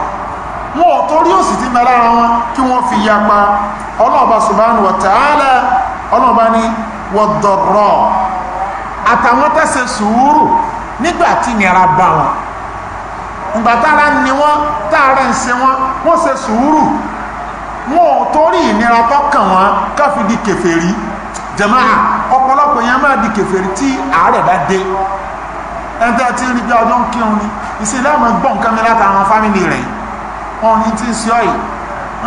wọn ò torí òsì ti mẹ́ra wọn kí wọ́n fi yapa ọlọ́ọ̀bá subhanahu wa ta'ala ọlọ́ọ̀bá ní wọ́dọ̀rọ̀ àtàwọn tẹ́sẹ̀ sùúrù nígbà tí nira bá wọn ìgbà tára ni wọ́n tára ń ṣe wọ́n wọ́n ṣe sùúrù wọn ò torí ìnira tó kàn wọ́n káfi di kèfèrí jàmáà ọ̀pọ̀lọpọ̀ yẹn máa di kèfèrí tí àárẹ̀ bá dé ẹni tí a ti rí bí ọjọ́ ń kírun ni ìsìlámù gbọ́ nǹkan mi látara àwọn fámìlì rẹ̀ yìí ọ̀hìn tí sí ọ̀yì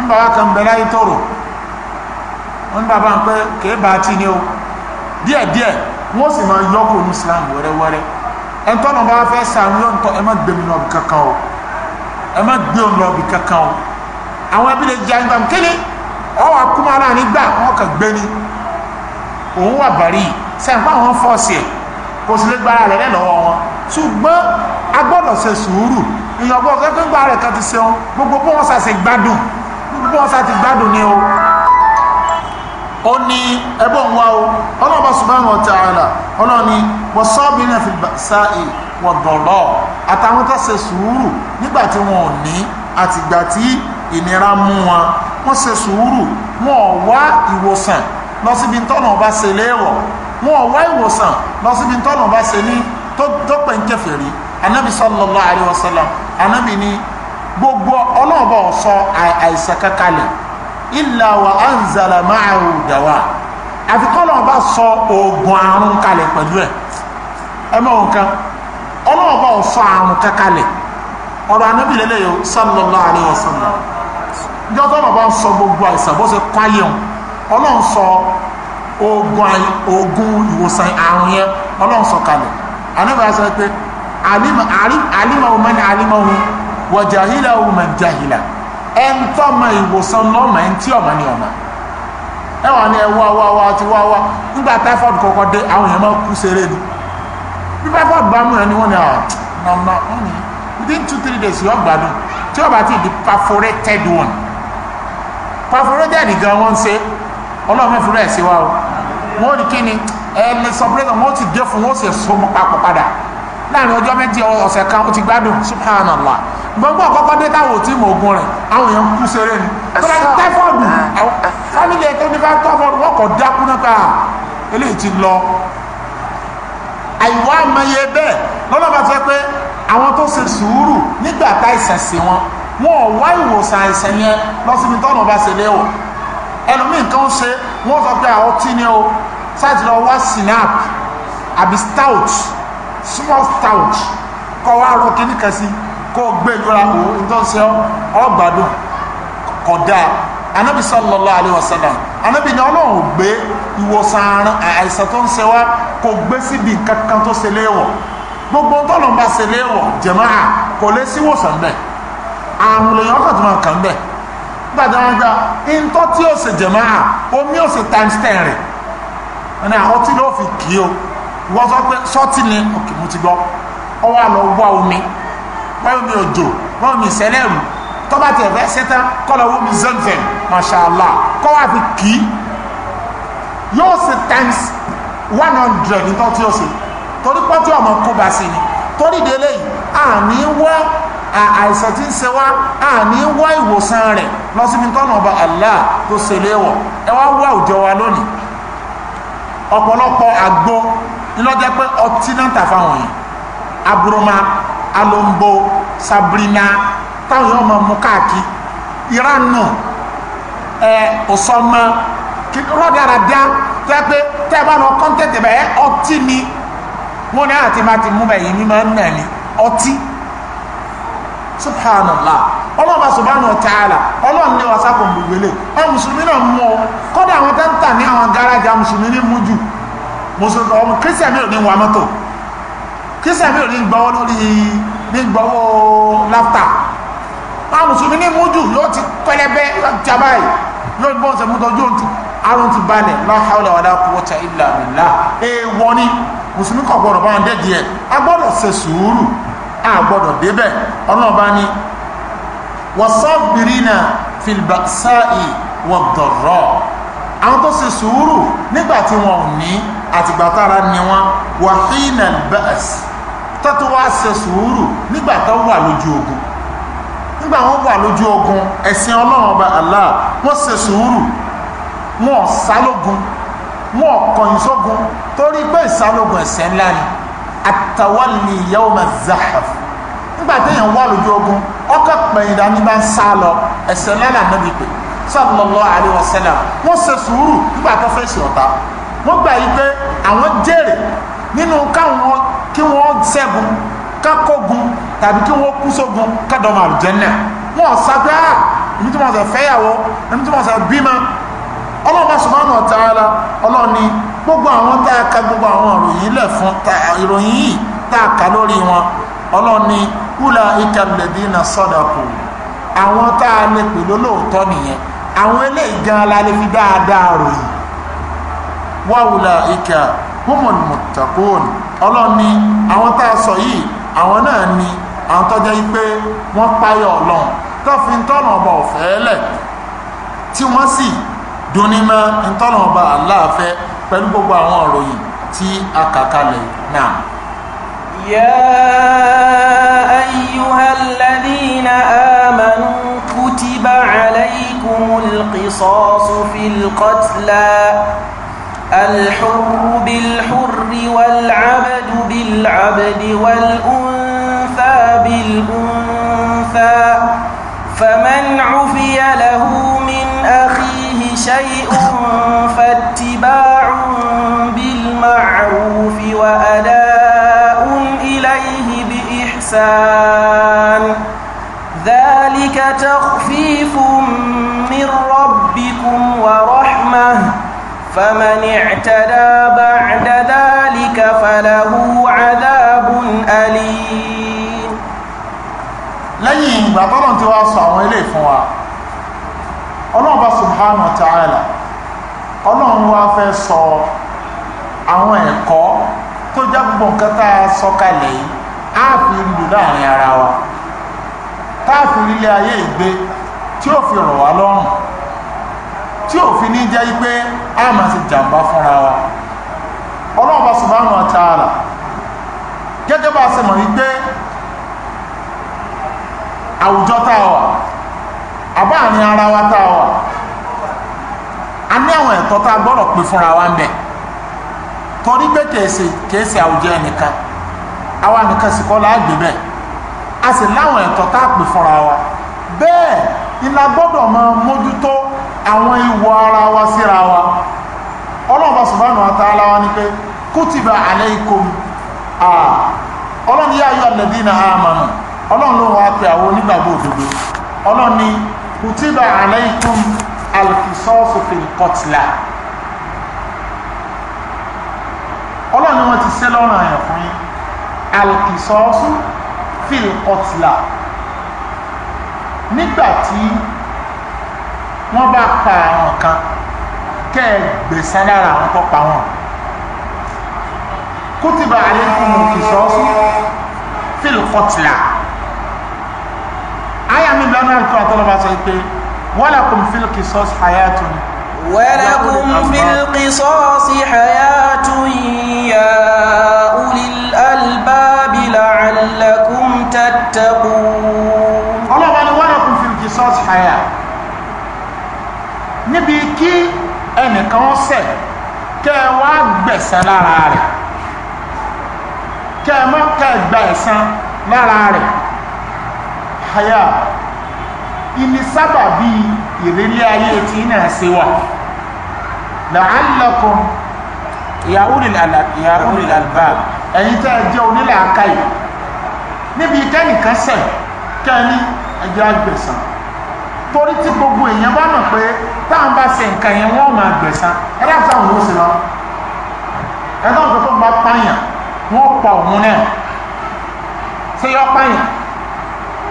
ń bá wá kan bẹ̀rẹ̀ ìtòrò ń bá bá ń pẹ́ kẹ́ẹ̀bà tí ní o díẹ̀díẹ̀ wọ́n sì máa yọ́kù ní Islam wẹ́rẹ́wẹ́rẹ́ ẹ̀ntọ́nà bá fẹ́ sàánú yọ́ntọ́ ẹ má gbé mi lọ́bì kankan o ẹ má gbé mi lọ́bì kankan o àwọn ẹbí lè jẹ àyíkàm kéde ọwọ́ akúmọ̀ náà nígbà wọn kà gbé ni òun wà bàrí sẹ́ǹpá wọn fọ́ọ̀sì ẹ̀ kò sì lè gbára rẹ̀ lẹ́lọ́wọ́ wọn ṣùgbọ́n a gbọ́dọ̀ ṣe ìyànbọ̀ kẹ́kẹ́ gbà rẹ̀ kan ti ṣeun gbogbo bí wọ́n ṣàṣe gbádùn gbogbo bí wọ́n ṣàti gbádùn ni o ó ní ẹbọ ń wá o ọlọ́ọ̀bá subhanahu wa ta'ala ọlọ́ọ̀ni wọ́n sọ́ọ̀bìnrin àfi sáì wọ́n dọ̀rọ̀ àtàwọn tó ṣe sùúrù nígbà tí wọn ò ní àtìgbà tí ìnira mú wọn wọ́n ṣe sùúrù wọn ò wá ìwòsàn lọ síbi tọ́nà bá ṣe léèwọ̀ wọn ò wá ìwòsàn lọ síbi tọ́nà bá ṣe ní tó pẹ̀ ń kẹfẹ́ rí anabi sallallahu alayhi wa sallam anabi ni gbogbo ọlọ́ọ̀bọ sọ àìsàn kankanlẹ̀ illa wa anzala ma'ahu dawa àfikún ọlọ́ọ̀bá sọ oògùn àrùn kalẹ̀ pẹ̀lú ẹ̀ ẹ mọ̀ nǹkan ọlọ́ọ̀bọ sọ àrùn kankanlẹ̀ ọ̀rọ̀ anabi lẹ́lẹ̀ yìí sallallahu alayhi wa sallam jọ́tọ́ ọlọ́ọ̀bá sọ gbogbo àìsàn bó ṣe káyé wọn ọlọ́ọ̀ sọ oògùn ìwòsàn àrùn yẹn ọlọ́ọ̀ sọ kalẹ̀ anabi sọ pé alimahu man alimahu wa jahilahu man jahila ẹ̀ńtọ́ ma ìwòsàn lọ́mọ ẹ̀ńtí ọ̀mọ ni ọ̀mọ ẹ wà ní ẹwà wà wà àti wà wà nígbà typhoid kọ́kọ́ dé àwọn èèyàn máa kú seré ni bí typhoid bá mú ẹni wọ́n ni ah, nàmà wọ́n ni within two three days yọ gbádùn tí ó bá ti di perforated one perforated gan wọ́n ṣe ọlọ́run fúnra ẹ̀ sí wa o wọ́n ní kí ni ẹ̀ lè sọ pé wọ́n ti gé fún wọ́n sì so mọ́ papọ̀ padà láàrin ọjọ́ méjì ọ̀sẹ̀ kan ó ti gbádùn subhanallah gbogbo ọ̀kọ́kọ́ dé táwọn ò tí mọ ogun rẹ̀ àwọn èèyàn kú seré ni tó bá ti táífọ́ọ̀dù ah. fámìlì ẹ̀ tó ní bá táífọ́ọ̀dù wọ́n kọ̀ dákú nípa eléyìí ti lọ àìwá amáyé bẹ́ẹ̀ lọ́nà bá ti pé àwọn tó ṣe sùúrù nígbà tá ìsẹ̀ sí wọn wọn ò wá ìwòsàn àìsàn yẹn lọ síbi tọ́nà bá ṣe léwọ̀ ẹlòmíì kan ṣe wọ́n sọ pé àwọn tí ni o ṣáàtì lọ wá sinap àbí stout small stout kọ wá rọ kíní kan sí kó gbé ìlúra òun tó ń ṣe ọgbàdùn kódà anabi sallallahu alayhi wa sallam anabi ni Ọlọ́run gbé ìwòsàn àìsàn tó ń ṣe wá kò gbé síbi kankan tó ṣe léèwọ̀ gbogbo tọ́lọ̀ ń bá ṣe léèwọ̀ jẹ̀máà kò lè síwòsàn bẹ́ẹ̀ àrùn lèyàn ọkàn tó máa kàn bẹ́ẹ̀ gbàdá wọn gba ntọ́ tí ó ṣe jẹ̀máà omi ó ṣe times ten rẹ̀ ẹni àwọn tí ló fi kì í o wọ́n sọ pé sọ́ọ̀tì ni ok mo ti gbọ́ ọ wà lọ wá omi wọ́n omi òjò wọ́n omi ìsẹ́lẹ̀rù tọ́ba tẹ̀ fẹ́ ṣetán kọ́lọ̀ wọ́n omi zanfẹ̀ mashallah kọ́ wá fi kì í yóò ṣe times one hundred ní tọ́tí ó ṣe torí pọ́tí ọmọ kó ba sí ni torí délé yìí àní wá àìsàn tí ń ṣe wá àní wá ìwòsàn rẹ̀ lọ síbi tọ́nà ọba Allah tó ṣe léwọ̀ ẹ wá wá òjò wa lónìí ọ̀pọ̀lọpọ̀ àgbo ńlọ́jẹ́ pé ọtí náà tà fáwọn yẹn aburoma alombo sabrina táwọn yóò máa mú káàkiri iran náà ẹ ọ̀sọ́mọ rọ́dàràdà tó yẹ pé tẹ́ ẹ bá lọ kọ́ńtẹ̀tẹ̀ bẹ́ẹ̀ ọtí ni wọ́n ní àti máa ti mú bẹ́ẹ̀ yìí máa ń nà ọtí subhanallah ọlọ́ọ̀bá subhanahu wa ta'ala ọlọ́ọ̀ ní wàsápọ̀ gbogbo ilé ọ mùsùlùmí náà mú ọ kọ́dà àwọn tẹ́ńtà ní àwọn gárájà mùsùlùmí ní mú jù mùsùlùmí ọmọ kírísítà mi ò ní wa mọ́tò kírísítà mi ò ní gbọ́wọ́ lórí ní gbọ́wọ́ láftà máa mùsùlùmí ní múdù yóò ti pẹlẹbẹ jaba yìí yóò gbọ́n sẹ múdọ́jú ohun ti arun ti balẹ̀ la hawla wala quwwata illa billah èèwọ̀ ni mùsùlùmí kò gbọ́dọ̀ bá wọn dẹ́gi ẹ̀ a gbọ́dọ̀ ṣe sùúrù a gbọ́dọ̀ débẹ̀ ọlọ́run bá ní wasabirina àwọn tó ṣe sùúrù nígbà tí wọn ò ní àtìgbà tára ni wọn wà hínà bẹ́ẹ̀s tó tó wá ṣe sùúrù nígbà tó wà lójú ogun nígbà wọn wà lójú ogun ẹ̀sìn ọlọ́run ọba Allah wọ́n se sùúrù wọn ò sálógun wọn ò kọ̀yìn sógun torí pé ìsálógun ẹ̀ṣẹ̀ ńlá ni àtàwálì ma zahaf nígbà téèyàn wà lójú ogun ọkọ̀ pẹ̀yìndà ní bá ń sá lọ ẹ̀ṣẹ̀ ńlá làbẹ́bí pé sallallahu alaihi wasallam wọ́n ṣe sùúrù nígbà tó fẹ́ ṣe ọ̀tá wọ́n gbà yí pé àwọn jèrè nínú káwọn kí wọ́n ṣẹ́gun kákógun tàbí kí wọ́n kú sógun kádọ́mà àlùjẹ́nà wọ́n sábẹ́ à ah, èmi tí wọ́n sọ fẹ́yàwó èmi tí wọ́n sọ bímọ ọlọ́ọ̀bá subhanahu wa ta'ala ọlọ́ọ̀ni gbogbo àwọn tá a ka gbogbo àwọn ìròyìn lẹ̀ fún ìròyìn yìí tá a kà lórí wọn ọlọ́ọ̀ni ulaika alladhina sadaqu àwọn tá a lè pè lólóòótọ́ nìyẹn àwọn eléyìí gan alálẹ́ fi dáadáa ròyìn wáwùlà ìkà humun muttaqun ọlọ́run ni àwọn tá a sọ yìí àwọn náà ni àwọn tó jẹ́ pé wọ́n páyọ̀ ọlọ́run tó fi ń tọ́nà ọba ọ̀fẹ́ lẹ̀ tí wọ́n sì dunni mọ́ ń ọba aláàfẹ́ pẹ̀lú gbogbo àwọn ìròyìn tí a kà kalẹ̀ náà. يا أيها الذين آمنوا كتب عليكم القصاص في القتلى الحر بالحر والعبد بالعبد والأنثى بالأنثى فمن عفي له من أخيه شيء فاتباع بالمعروف وأداء إليه بإحسان ذلك تخ خوف من ربكم ورحمة فمن اعتدى بعد ذلك فله عذاب أليم لين ìgbà tọ́lọ̀ tí wá sọ àwọn ilé fún wa ọlọ́run bá subhanahu wa ta'ala ọlọ́run wá fẹ́ sọ àwọn ẹ̀kọ́ tó já gbogbo nǹkan tá a sọ kalẹ̀ yìí á fi lù láàrin ara wa tá a fi rí ilé ayé ìgbé tí ó fi rọ̀ wá lọ́rùn tí ò fi ní jẹ́ pé a máa ti jàǹbá fúnra wa ọlọ́ọ̀bá subhanahu wa gẹ́gẹ́ bá a ṣe mọ̀ wípé àwùjọ tá a wà àbáàrin ara wa tá a wà a ní àwọn ẹ̀tọ́ tá a gbọ́dọ̀ pé fúnra wa ń torí la bẹ́ẹ̀ a sì láwọn ẹ̀tọ́ tá a pè fúnra wa bẹ́ẹ̀ ìlà gbọ́dọ̀ máa mójútó àwọn ìwọ̀ ara wa síra wa ọlọ́ọ̀bá subhanahu wa ta'ala wa ní pé kútìbà alaykum ọlọ́ni yá ayọ́ alladhina amanu ọlọ́run ló wà pé àwọn onígbàgbọ́ òdodo ọlọ́ni kútìbà alaykum alqisasu fil qatla ọlọ́ni wọ́n ti sẹ́lọ́rùn àyàn fún yín alqisasu fil qatla nígbà tí wọ́n bá pa àwọn kan kẹ́ ẹ gbẹ̀san lára àwọn tó pa wọn kútìbà àlékún kìsọ́sí fílùkọ́tìlà àyà mi lọ́nà àlùkọ́ àtọ́lọ́bà sọ pé wọ́n làkùn fílùkìsọ́sí hayatun ولكم في القصاص حياة يا أولي الألباب لعلكم تتقون háyà níbi kí ẹnìkan ṣẹ̀ kẹ́ ẹ wá gbẹ̀san lára rẹ̀ kẹ́ ẹ má kẹ́ ẹ gba ẹ̀san lára rẹ̀ háyà ìní sábà bíi ìrírí ayé tí náà ṣe wà la'allakum ya ulil albab ẹ̀yin tẹ́ ẹ jẹ́ onílàákàyè níbi kẹ́nìkan ṣẹ̀ kẹ́ni ẹjẹ́ àgbẹ̀san torí tí gbogbo èèyàn bá mọ̀ pé táwọn bá ṣe nǹkan yẹn wọ́n máa gbẹ̀san ẹ̀rọ àti àwọn òun sì lọ ẹ̀rọ àwọn tó ń bá pààyàn wọ́n pa òun náà ṣé yọ pààyàn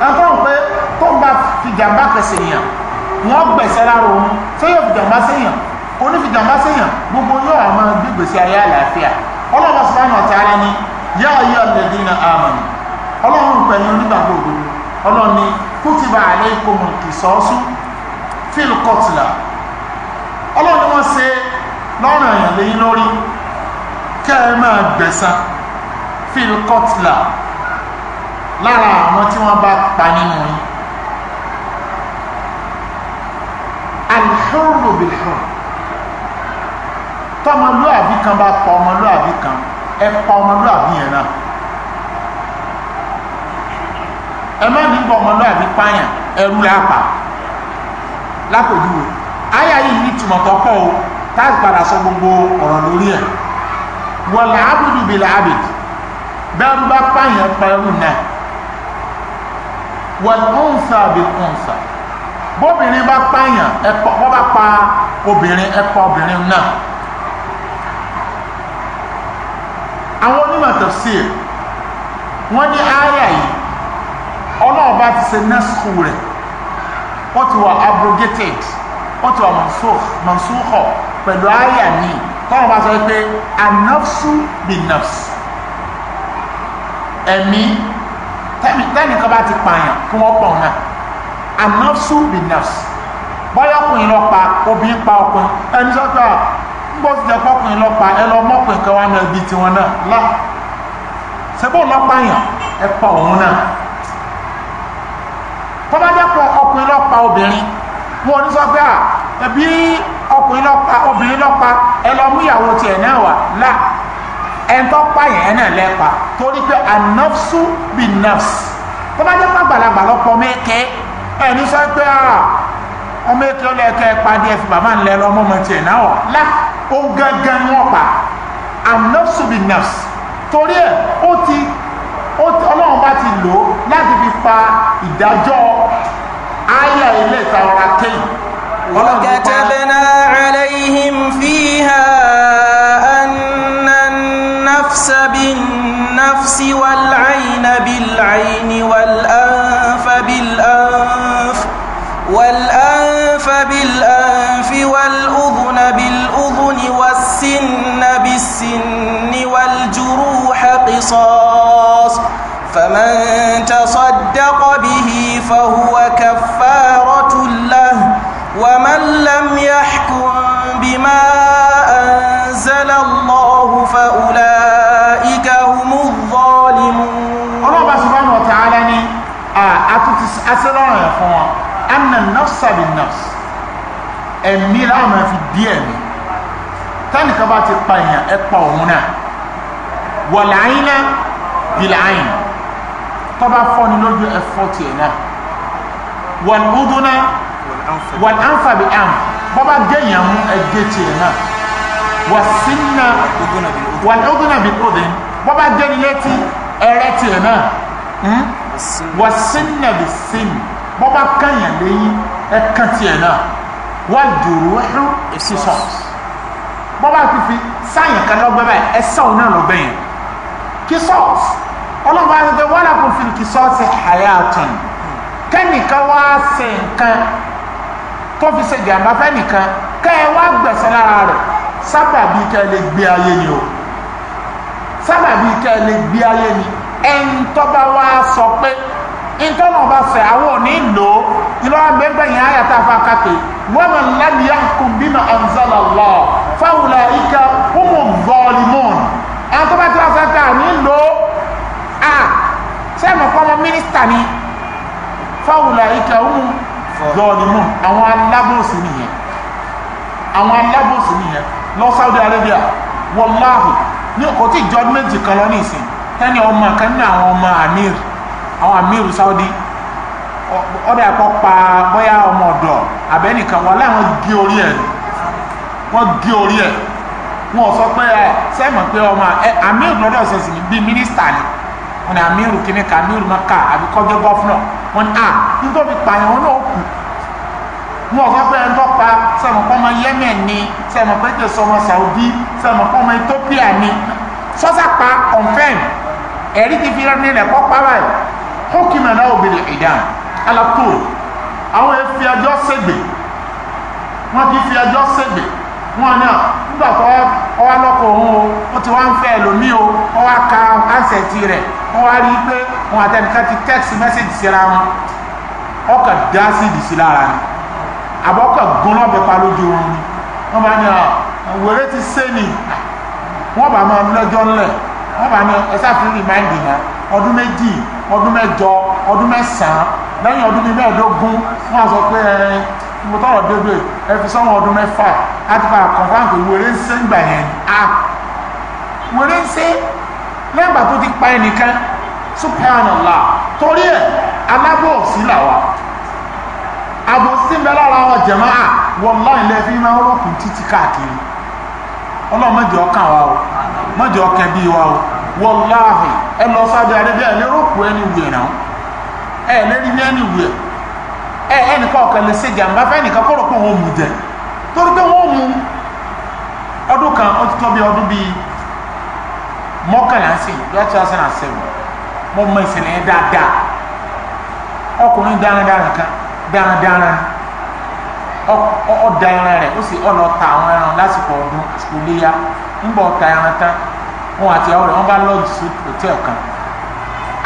ẹ̀rọ àwọn pé tó ń bá fìjàmbá kẹsẹ̀ yàn wọ́n gbẹ̀sẹ̀ lára òun ṣé yọ fìjàmbá sẹ́yàn onífìjàmbá sẹ́yàn gbogbo yóò àwọn gbígbèsè ayé àlàáfíà ọlọ́run subhanahu wa ta'ala ni yá ayé ọ̀lẹ́dínà àmàlù ọlọ́run pẹ̀lú onígbàgbọ́ òdodo ọlọ́run ni kútìbà àlékòmù kìsọ́ọ́sù fíl kọtìlà ọlọ́run ni wọ́n ṣe lọ́rùn èèyàn lẹ́yìn lórí kẹ́ ẹ máa gbẹ̀san fíl kọtìlà lára àwọn tí wọ́n bá pa nínú yín alhurru bilhurru tọmọlúàbí kan bá pa ọmọlúàbí kan ẹ pa ọmọlúàbí yẹn náà ẹ má ní bọ́ ọmọlúwàbí pààyàn ẹrú lápá lápòjúwe àyà yìí ní tùmọ̀ tó pọ̀ o táà padà sọ gbogbo ọ̀rọ̀ lórí ẹ̀ wọ̀lá abudu bìlà abèjì bẹ́ẹ̀rù bá pààyàn pẹ̀lú náà wọ̀lọ́nsà bìlọ́nsà bóbìnrin bá pààyàn ẹ̀pọ̀ wọ́n bá pa obìnrin ẹ̀pọ̀ obìnrin náà àwọn onímọ̀ tafsir wọ́n ní àyà yìí ọlọ́run bá ti ṣe nẹ́sùkù rẹ̀ wọ́n ti wà abrogated wọ́n ti wà mọ̀nsúkọ̀ pẹ̀lú àyà mi tọ́wọ́n bá sọ pé anafsu bin nafs ẹ̀mí tẹ́nìkan bá ti pààyàn kí wọ́n pọ̀ náà anafsu bin nafs bọ́yá ọkùnrin lọ pa obìnrin pa ọkùnrin ẹni sọ́tọ̀ bó ti jẹ́ pọ́kùnrin lọ pa ẹ lọ mọ́kùnrin kan wá ní ẹbí tiwọn náà lá ṣe bó lọ́pàá ẹ pa òun náà tọ́ba jẹ́ pé ọkùnrin ló pa obìnrin wọn ò ní sọ pé à ẹbí ọkùnrin ló pa obìnrin ló pa ẹ lọ mú ìyàwó tiẹ̀ náà wà là ẹ̀ńtọ́ pààyàn ẹ̀ náà lẹ́pa torí pé anafsu bi nafs tọ́ba jẹ́ pé àgbàlagbà ló pọ̀ mẹ́kẹ́ ẹ̀ ní sọ pé à ọmọ èké ọlẹ́kẹ́ padì ẹ̀fì bàbá ńlẹ́ lọ́mọ ọmọ tiẹ̀ náà wà là ó gángan wọn pa anafsu bi nafs torí ẹ̀ ó ti ọlọ́run bá ti lò láti fi pa ìdájọ́ àyà ilé ìtawọ́ra kẹ́yìn. وكتبنا عليهم فيها أن النفس بالنفس والعين بالعين والأنف بالأنف والأنف بالأنف والأذن بالأذن والسن بالسن والجروح قصاص فهو كفارة له ومن لم يحكم بما أنزل الله فأولئك هم الظالمون الله سبحانه وتعالى أتسأل يا أخوان أن النفس بالنفس الميل عما في الدين تاني كبات الطاية اطبعوا هنا والعين بالعين طبعا فوني نرجو افوتي هنا wọn uduna wọn anfa bi am bọba gẹyàn mu ẹgẹ tiẹ náà wọn sinna wọn uduna bi odin bọba gẹni létí ẹrẹ tiẹ náà hmm? wọn sinna bi sin bọba kẹyàn lẹ́yìn ẹka tiẹ náà wọn dùrú ẹrú sísọ bọba fífi sáyẹn kan lọgbẹ náà lọgbẹ yẹn kí sọọsì ọlọ́pàá ẹgbẹ́ wọn làkùnfin kí sọọsì hayatun kẹ́nìkan wá sin nǹkan tó fi ṣe jàmbá fẹ́nìkan kẹ́ ẹ wá gbẹ̀sẹ̀ lára rẹ̀ sábàbí kẹ́ ẹ lè gbé ayé ni o sábàbí kẹ́ ẹ lè gbé ayé ni ẹni tó bá wá sọ pé ntọ́nà ọba sẹ̀ àwọn òní lò ó ìlú agbẹ́gbẹ̀yìn ayàtà afákàtì wọ́n mọ̀ lẹ́nu yá kùn bímọ anzala Allah fáwùlà ìka ọmọ vọ́ọ̀lìmọ́ọ̀n ẹni tó bá ti wá sọ pé àní lò ó à sẹ́mi kọ́ mínísítà ni fáwùlà ìkàwùn zọ́ọ̀nìmù àwọn alábòsí nìyẹn àwọn alábòsí nìyẹn lọ Saudi Arabia wọláhù ní kò tí ìjọ méjì kan lọ ní ìsìn tẹ́ni ọmọ kan ní àwọn ọmọ amir àwọn amir Saudi ọdẹ àpọ̀ pa bóyá ọmọ ọ̀dọ̀ abẹ́nìkan wà láwọn gé orí ẹ̀ wọ́n gé orí ẹ̀ wọ́n sọ pé sẹ́mọ̀ pé ọmọ amir lọ́dọ̀ ṣẹ̀ṣìn bíi mínísítà ni wọn ni amiru kìíní kan amiru maka àbí kọjọ gọfúnà wọn ni a nítorí pààyàn wọn náà kù mo ọ̀gá pé ẹni tó pa sẹ́mu pọ́ ọmọ yemen ni sẹ́mu pé kí sọmọ saudi sẹ́mu pọ́ ọmọ ethiopia ni sọ́sà pa confirm ẹ̀rí ti fi rẹ́ nílẹ̀ kọ́ pa báyìí hókìmẹ̀ náà obìnrin ìdáhùn alákùn àwọn efi ẹjọ́ ṣègbè wọ́n ti fi ẹjọ́ ṣègbè wọ́n náà nígbà tó ọwọ́ lọ́kọ̀ òun o ó ti wá ń fẹ́ ẹlòmíì o ọwọ́ ka ánsẹ̀tì rẹ̀ wọ́n wá rí pé wọn àtẹnìkan ti text message síra wọn ọkọ̀ dá sí ìdìsí lára ni àbọ̀kọ̀ gúnlọ́ bẹ pa lójú wọn ni wọ́n bá ní wèrè ti sé ni wọ́n bá máa lọ́jọ́ ńlẹ̀ wọ́n bá ní ẹ̀sà fún rìmáìndì náà ọdún méjì ọdún mẹ́jọ ọdún mẹ́sàn-án lẹ́yìn ọdún bíi mẹ́ẹ̀ẹ́dógún wọ́n sọ pé ẹ̀ẹ́n mo tọrọ dédé ẹ fi sọ́wọ́n ọdún mẹ́fà á ti bá a kọ̀ọ̀fà pé wèrè ń sé ìgbà yẹn ni a wèrè ń sé lẹ́yìn ìgbà tó ti pa ẹnìkan subhanallah torí ẹ̀ alábòsí làwa àbòsí ń bẹ lára wọn jàmáà wallahi ilẹ̀ fi máa ń rọ̀kùn títí káàkiri ọlọ́run wa o mọ́jọ ọkàn bíi wa o wallahi ẹ lọ sáájú arábíà ẹ lérògbò ẹni wùẹ̀ ẹ lérí ní ẹni ẹ ẹnìkan ọ̀kan lè ṣe jàǹbá fẹ́ ẹnìkan kọ́ ló pọ̀ mú torí pé wọ́n mọ́kànlá sí 2007 thousand and mo mọ ìṣẹ̀lẹ̀ yẹn dáadáa ọkùnrin dáradára kan dáradára ọ̀dà ẹran rẹ̀ ó sì ọ̀nà ọ̀ta àwọn ẹran lásìkò ọdún àsìkò léyà ńgbà ọ̀ta ẹran tán wọn àti wọn bá sí hòtẹ́ẹ̀lì kan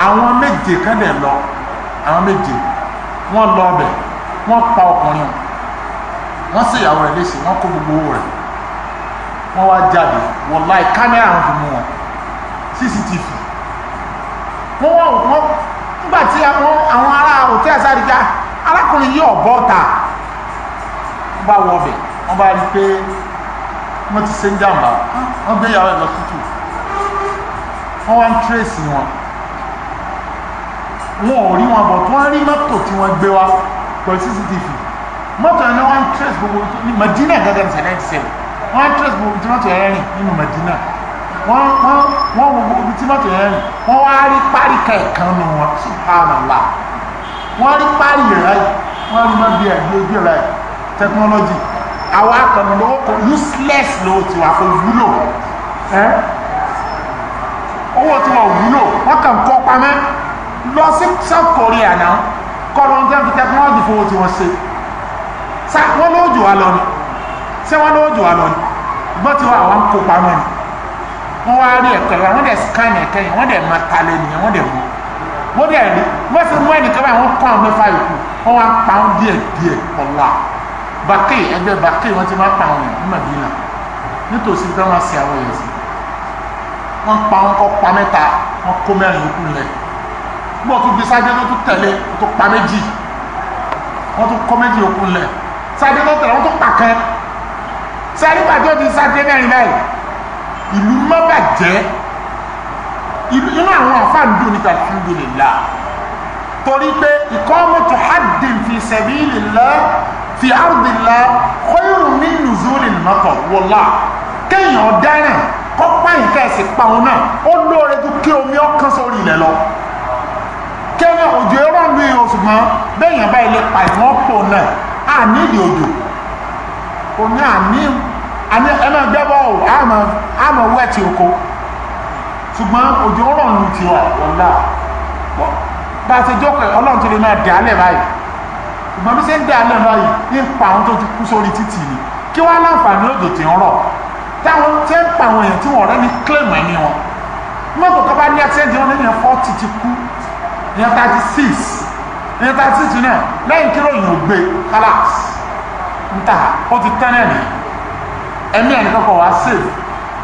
àwọn méje kan dẹ̀ lọ àwọn méje wọ́n lọ wọn pa ọkùnrin wọn léṣe kó gbogbo owó wá jáde kámẹ́rà ń fi mú wọn. cctv wọ́n wọ́n wọ́n nígbàtí àwọn ará òtẹ́ àsáríká arákùnrin yìí ọ̀bọ́ ta wọ́n bá wọ ọbẹ̀ wọ́n bá rí pé wọ́n ti ṣe ń jàǹbá wọ́n gbé ìyàwó ẹ̀ lọ tútù wọ́n wá ń tírèsì wọn wọn ò rí wọn bọ̀ tí wọ́n rí mọ́tò tí wọ́n gbé wa pẹ̀lú cctv mọ́tò ẹni wọ́n ń tírèsì gbogbo ní madina gẹ́gẹ́ bí sẹ́lẹ̀ ti sẹ́lẹ̀ wọ́n ń tírèsì gbogbo tí madina wọ́n wọ́n wọ́n wo ibi tí mọ́tò yẹn rìn wọ́n wá rí párí kẹ̀kan nù wọn subhanallah wọ́n rí párí ẹ̀rá yìí wọ́n rí mọ́bí ẹ̀ bí ojú ẹ̀rá yìí technology àwọn akọni lówó kọ useless lówó tiwa kò wúlò owó tiwa ò wúlò wọ́n kàn kọ́ pamẹ́ lọ sí South Korea náà kọ́ ló ń tẹ́ fi technology fowó tiwọn ṣe wọ́n lójú wa lọ ni ṣé wọ́n lójú wa lọ ni gbọ́ tiwa àwọn kó pamẹ́ ni wọ́n wá rí ẹ̀kẹ́ yẹn wọ́n dẹ̀ scan ẹ̀kẹ́ yẹn wọ́n dẹ̀ máa ta lé nìyẹn wọ́n dẹ̀ mú wọ́n dẹ̀ rí wọ́n sì mú ẹnìkan báyìí wọ́n kọ́ àwọn mẹ́fà yòókù wọ́n wá pa wọn díẹ̀ díẹ̀ ọ̀la bàkè ẹgbẹ́ bàkè wọ́n ti máa pa àwọn yẹn ní Madina nítòsí bí wọ́n ṣe àwọn yẹn sí wọ́n pa wọn kọ́ pa mẹ́ta wọ́n kó mẹ́rin yòókù lẹ̀ gbọ́ tún bí sáájú tó tún tẹ̀lé tó pa méjì wọ́n tún kọ́ méjì yòókù lẹ̀ sáájú tó tẹ̀lé wọ́n tún pa kan sáájú pàjọ́ di sáájú mẹ́rin báyìí ìlú má bàjẹ́ ìlú inú àwọn àfáàndù ní alhamdulillah torí pé iqamatu haddin fi sabilillah fi ardillah khayrun min nuzulil matar wallah kéèyàn dáràn kọ́pá nǹkan ẹ̀sìn pa òun náà ó lóore ju kí omi ọkàn sórí ilẹ̀ lọ kẹ́rin òjò ẹ̀rọ mi ò ṣùgbọ́n bẹ́ẹ̀yàn bá ilé pa ìwọ́n pò náà àní ìdí òjò òun náà ní ẹ máa gbẹ́ bọ́ọ̀lù á máa wẹ̀ tí ṣùgbọ́n òjò ń rọ̀nù tiwa wọ̀lá bá a ṣe jókòó ọlọ́run tó lè máa dà á lẹ̀ báyìí ṣùgbọ́n bí ṣe ń dà á lẹ̀ báyìí ní pa àwọn tó ti kú sórí títì ni kí wọ́n á láǹfààní òjò tí ń rọ̀ táwọn tí ń pa àwọn èèyàn tí wọ́n rẹ́ ní claim ẹni wọn mọ́tò tó bá ní accident wọn lẹ́yìn forty ti kú ìyẹn thirty six ìyẹn thirty six náà lẹ́yìn kí lóyún ò gbé kálá ń tà ó ti tẹ́lẹ̀ ẹ̀mí ẹ̀ nìkan kọ̀ wá save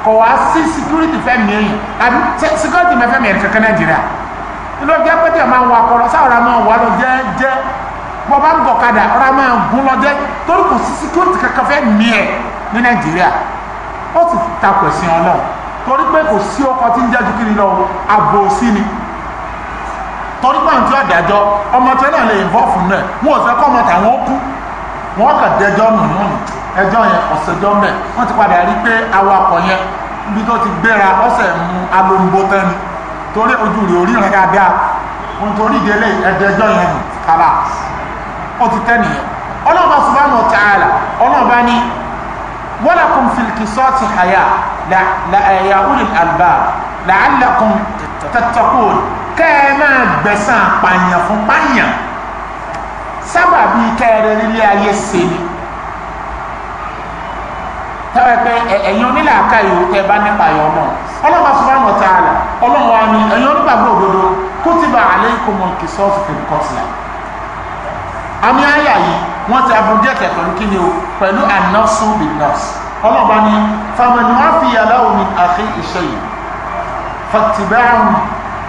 kọ̀ wá sí security fẹ́ mi èyí àbí security mi fẹ́ mi ẹ̀rì kankan nàìjíríà nínú ọjọ́ pété máa ń wa kọ́rọ́ sáwọ́ra máa ń wà lọ jẹ́ẹ́jẹ́ bọ́ bá ń gọ̀ kadà ọ̀rá máa ń gún lọ jẹ́ torí kò sí security kankan fẹ́ mi ẹ̀ ní nàìjíríà ó sì takò ẹ̀sìn ọlọ́run torí pé kò sí ọkọ̀ tí ń jẹ́ dúkìrì lọ àbò sí ni torí pé àwọn tí ó dájọ́ ọmọ tí ó náà lè involve náà wọn sọ kọ́ ọmọ tàwọn ó kú wọ́n kàn dẹjọ́ nù nù ẹjọ́ yẹn ọ̀sẹ̀jọ́ mẹ́ wọ́n ti padà rí pé awakọ̀ yẹn ibi tó ti gbéra ọ̀sẹ̀ mu alombo tẹ́ni torí ojú rẹ̀ oríran dáadáa wọ́n torí ìdílé ẹ̀dẹ́jọ́ yẹn nù kálá ó ti tẹ́ nìyẹn ọlọ́ọ̀bá subhanahu wa ta'ala ọlọ́ọ̀bá ní walakum fil qisasi haya ya ulil albab la'allakum tattaqun kẹ́ máa gbẹ̀san pààyàn fún pààyàn sábà bí kẹrẹ nílé ayé ṣe ni tẹ́wọ́ pé ẹ̀yin onílàáká yòó tẹ́ bá nípa yọ ọmọ ọlọ́mọ subhanahu wa ta'ala ọlọ́mọ wa ni ẹ̀yin onígbàgbọ́ òdodo kutiba alaykumul qisasu fil qatl àmì àyà yìí wọ́n ti abúdíẹ̀kẹ̀ pẹ̀lú kí ni o pẹ̀lú anọ́sù bin nọ́ọ̀sì ọlọ́mọ ni famani wọ́n fi yàrá omi àfi iṣẹ́ yìí fattiba'un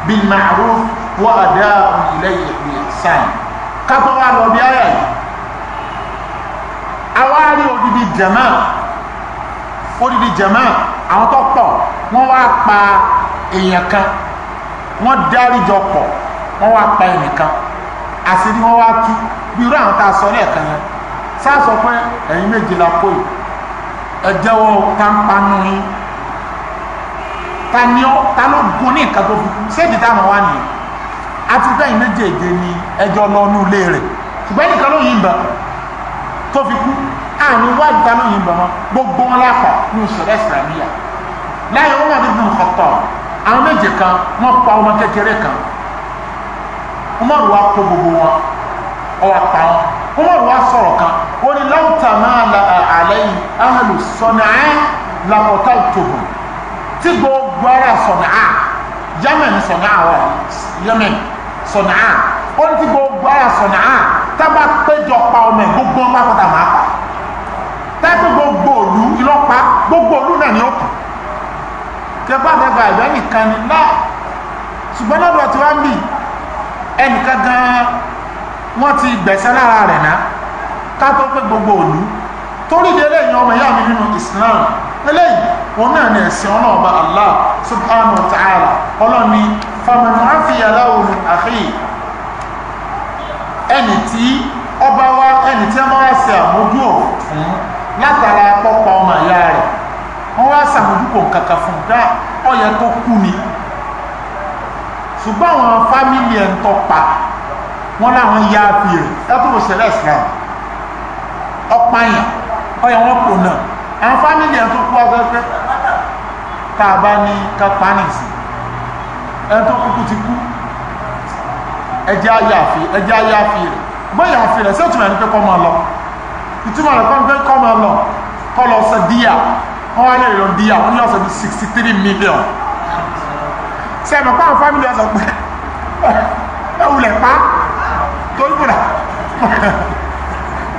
bil ma'ruf wa ada'un ilayhi bi ihsan kátó wà lọ bí àyà yìí awárí odidi jama odidi jama àwọn tó pọ̀ wọ́n wá pa èèyàn kan wọ́n dárí jọ pọ̀ wọ́n wá pa èèyàn kan àṣírí wọ́n wá tú bí irú àwọn tá a sọ ní ẹ̀kan yẹn sáà sọ pé ẹ̀yin méjì la kó yìí ẹ jẹ́wọ́ táǹpánú yín ta ni ọ́ ta ló gun ní nǹkan tó fi àti bẹ́yìn méjèèjì ni ẹjọ́ lọ ní ilé rẹ̀ ṣùgbọ́n nìkan ló yìnbọn tó fi kú àrùn wájú ta ló yìnbọn wọn gbogbo wọn lápá ní ìṣẹ̀lẹ̀ ìsìlámíyà láyé wọn wà nínú ọ̀tọ̀ àwọn méje kan wọn pa ọmọ kékeré kan Umaru wa kó gbogbo wọn ọwọ́ pa wọn Umaru wa sọ̀rọ̀ kan ó ní láwùtà máa la àlẹ́ yìí ahàlù sọ̀nà á làkọ̀tà òtòbò tí gbogbo ara sọ̀nà á Yemen sọ̀nà á wà Yemen sọ̀nàá ó ní tí gbogbo ara sọ̀nàá tábà péjọ pa ọmọ ẹ̀ gbogbo ọmọ apáta máa pa tábà gbogbo òlu ìlọ́pa gbogbo òlu náà ni ó kù tẹ́gbà tẹ́gbà ìgbà nìkan ni náà ṣùgbọ́n lọ́dọ̀ tí wọ́n bì ẹnìkan gan wọ́n ti gbẹ̀sẹ̀ lára rẹ̀ ná ká tó pé gbogbo òlu torí de eléyìí ọmọ ìyá mi nínú Islam eléyìí òun náà ni ẹ̀sìn ọlọ́ọ̀ba Allah subhanahu wa ta'ala ọlọ́ni faman afiya lahu min akhi ẹni tí ọba wa ẹni tí ọba wa ṣe àmójú ò fún látara pọpọ ọmọ ìyá rẹ̀ wọn wá ṣàmójúkò kàkà fún dá ọyẹ tó kú ni ṣùgbọ́n àwọn fámìlì ẹ̀ ń tọpa wọn láwọn ya fi rẹ̀ ẹkùn ṣẹlẹ̀ islam ọpáyàn ọyẹ wọn kò náà àwọn fámìlì ẹ̀ tó kú ọgbẹ́gbẹ́ tá a bá ní kápánìsì ẹni tó kúkú ti kú ẹjẹ́ ayáfi ẹjẹ́ ayáfi rẹ̀ mọ́yà fi rẹ̀ sẹ́tùmọ̀ ẹni pé kọ́ máa lọ ìtumọ̀ rẹ̀ kọ́ pé kọ́ máa lọ kọ́ lọ sọ díà wọ́n wá lè lọ díà wọ́n ní ọ̀sẹ̀ bí sixty three million sẹ́mi pàrọ̀ fámìlì ọ̀sẹ̀ pé ẹ wulẹ̀ pa torí bùrà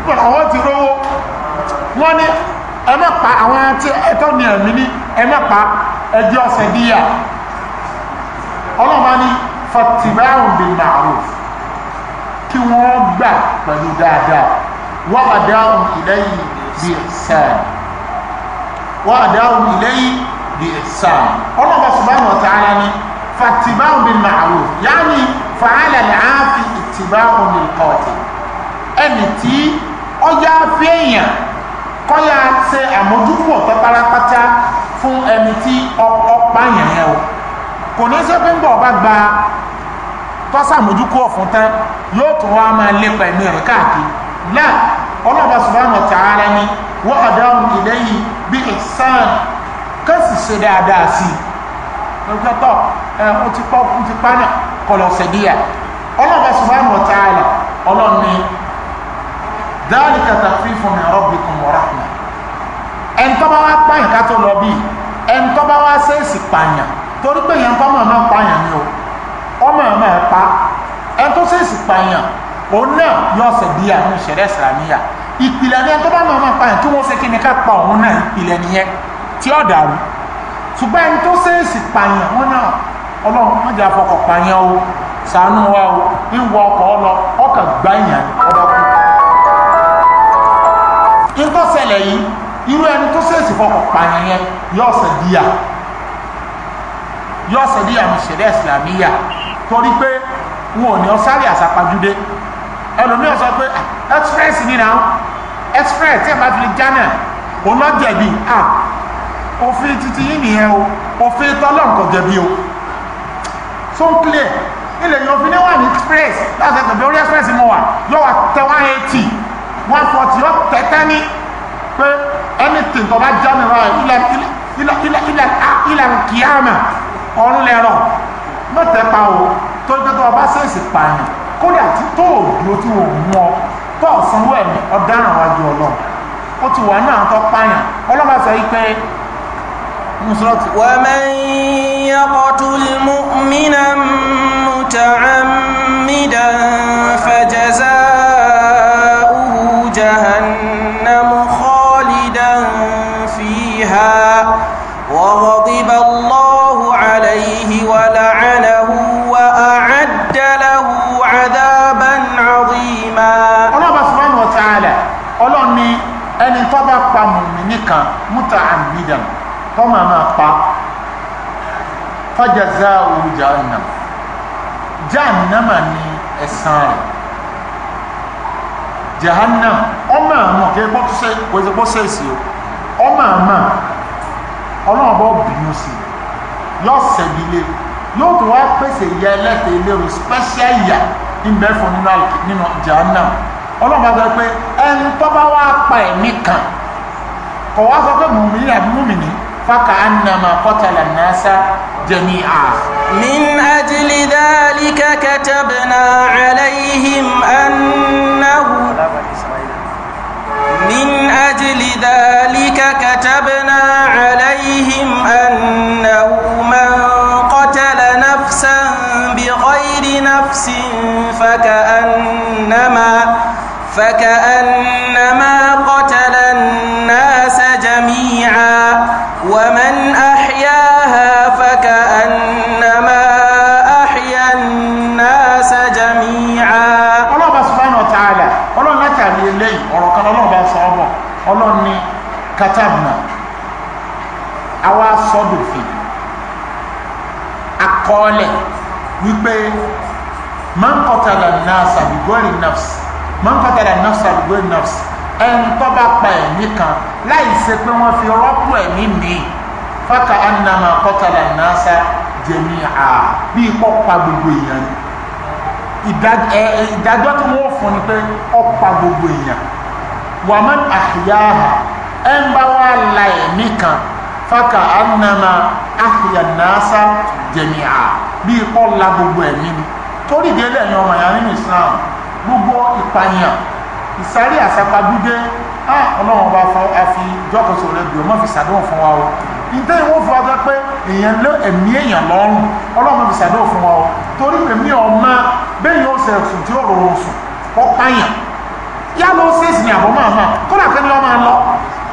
bùrà wọ́n ti rówó wọ́n ní ẹ má pa àwọn ẹtọ́ ní ẹ̀mí ní ẹ má pa ẹjẹ́ ọ̀sẹ̀ díà ọlọ́mọ ní fattiba'un bil ma'ruf kí wọ́n gbà pẹ̀lú dáadáa wa ada'un ilayhi bi ihsan wa ada'un ilayhi bi ihsan ọlọ́mọ subhanahu wa ta'ala ní fattiba'un bil ma'ruf ya'ni fa'ala al-'afi ittiba'un lil qatil ẹni tí ọjà fẹ́yàn kọ́yà ṣe àmójútó ọ̀tọ́ fún ẹni tí ọ̀pá yẹn o kò ní ṣe pé ń bọ̀ bá gba tọ́sàmójúkú ọ̀fun tán yóò tún wá máa lépa ẹ̀mí rẹ̀ káàkiri náà ọlọ́ba subhanahu wa ta'ala ni wọ́n àdáhùn ìlẹ́yìn bí ìsán kẹ́sì ṣe dáadáa sí i lọ́jọ́tọ̀ ẹ ó ti pọ́ ó ti pa náà kọlọ̀ ṣẹ̀díyà ọlọ́ba subhanahu wa ta'ala ọlọ́ni dhalika takhfifun min rabbikum wa rahmah ẹ̀ńtọ́ bá wá pààyàn ká tó lọ bíi ẹ̀ńtọ́ bá wá ṣèèṣì pààyàn torí pé èèyàn bá mọ̀ náà pààyàn ni o ọmọ ẹ̀ máa pa ẹni tó ṣèṣì pààyàn òun náà yọ ọ̀sẹ̀ bí i àwọn ìṣẹ̀lẹ̀ ìsìlámíyà ìpìlẹ̀ ni ẹni tó bá mọ̀ náà pààyàn tí wọ́n ṣe kí ni ká pa òun náà ìpìlẹ̀ nìyẹn tí ó dàrú ṣùgbọ́n ẹni tó ṣèṣì pààyàn wọn náà ọlọ́run wọ́n jẹ́ afọkọ̀ pààyàn o ṣàánú wa o ń wọ ọkọ̀ ọlọ ọkọ̀ gbá èèyàn ọba kú. nǹkan ṣẹlẹ̀ yìí irú ẹni tó ṣèṣì fọkọ̀ pààyàn yẹn yọ ọ̀sẹ̀ bí yọ sẹbi àmì ṣẹlẹ ìsìlámíyà torí pé wọn ò ní ọsáré àsápajúdé ẹlòmíràn sọ pé ah, express ni náà express tí ẹ bá fi lè jánà òun náà jẹ̀bi ah òfin titi yìí nìyẹn o òfin tọlọ́run kò jẹ̀bi o so n clear ilẹ̀ yóò fi ní wà ní express láti ẹ̀kọ́ bí orí express mọ̀ wà yóò wà tẹ one eighty one forty yóò tẹ̀tẹ̀ ní pé anything tó bá jánà rà ilẹ̀ ilẹ̀ ilẹ̀ ilẹ̀ ilẹ̀ ah, kíámà ọ̀run lẹ́rọ̀ mọ́tẹ́pa o tó ń tọ́tọ́ ọba sẹ́ẹ̀sì pààyàn kódà tí tó o dúró tí o mú ọ tó o sanwó ẹ̀mí ọ̀daràn wájú ọlọ́run ó ti wà náà tó pààyàn ọlọ́run sọ yí pé ومن يقتل مؤمنا متعمدا máa máa pa fájàzá òwújà ìnàm jahannama ni ẹ̀san rẹ̀ jahannam ọmọ àmọ́ kí ẹgbọ́n tó ṣe kò ṣe bọ́sẹ̀ sí o ọmọ àmọ́ ọlọ́run bọ́ bínú sí yóò ṣẹ̀bi lé yóò tó wá pèsè ìyá ẹlẹ́tẹ̀ ìlérò special ìyá ìbẹ́ fún nínú àlùkí nínú jahannam ọlọ́run bá sọ pé ẹni tó bá wá pa ẹ̀mí kan kọ̀ wá sọ pé mùmí àbí mùmí ni فكأنما قتل الناس جميعا من أجل ذلك كتبنا عليهم أنه من أجل ذلك كتبنا عليهم أنه من قتل نفسا بغير نفس فكأنما فكأنما katabna àwa sọdòfin akọọlẹ wípé man qatala nasa bi ghairi nafs man NASA nafsa bi ghairi nafs ẹni tó bá pa ẹ̀mí kan láì ṣe pé wọ́n fi rọ́pò ẹ̀mí míì fáka annama qatala nasa jami'a bí ikọ́ pa gbogbo èèyàn ìdájọ́ tí wọ́n fún ni pé ó gbogbo èèyàn wa man ahyaha ẹ ń bá wá la ẹ̀mí kan fáka anama ahya nasa jẹmíà bíi kọ́ la gbogbo ẹ̀mí ni torí ìdílé ẹ̀yìn ọmọ yàrá nínú islam gbogbo ìpànìyàn ìsárí a á ọlọ́run bá fọ àfi jọ́kọ̀sọ rẹ bí ọmọ fi sàdéhùn fún wa o ìdá ìwọ́n fún wa jẹ́ pé èèyàn lé ẹ̀mí èèyàn lọ́rùn ọlọ́run fi sàdéhùn fún wa o torí èmi ọmọ bẹ́ẹ̀ yóò ṣe sùn tí ó rọrùn sùn ọ̀pàyàn yálò ṣèṣì ní àbọ̀ máa hàn kódà kẹ́ni ọmọ lọ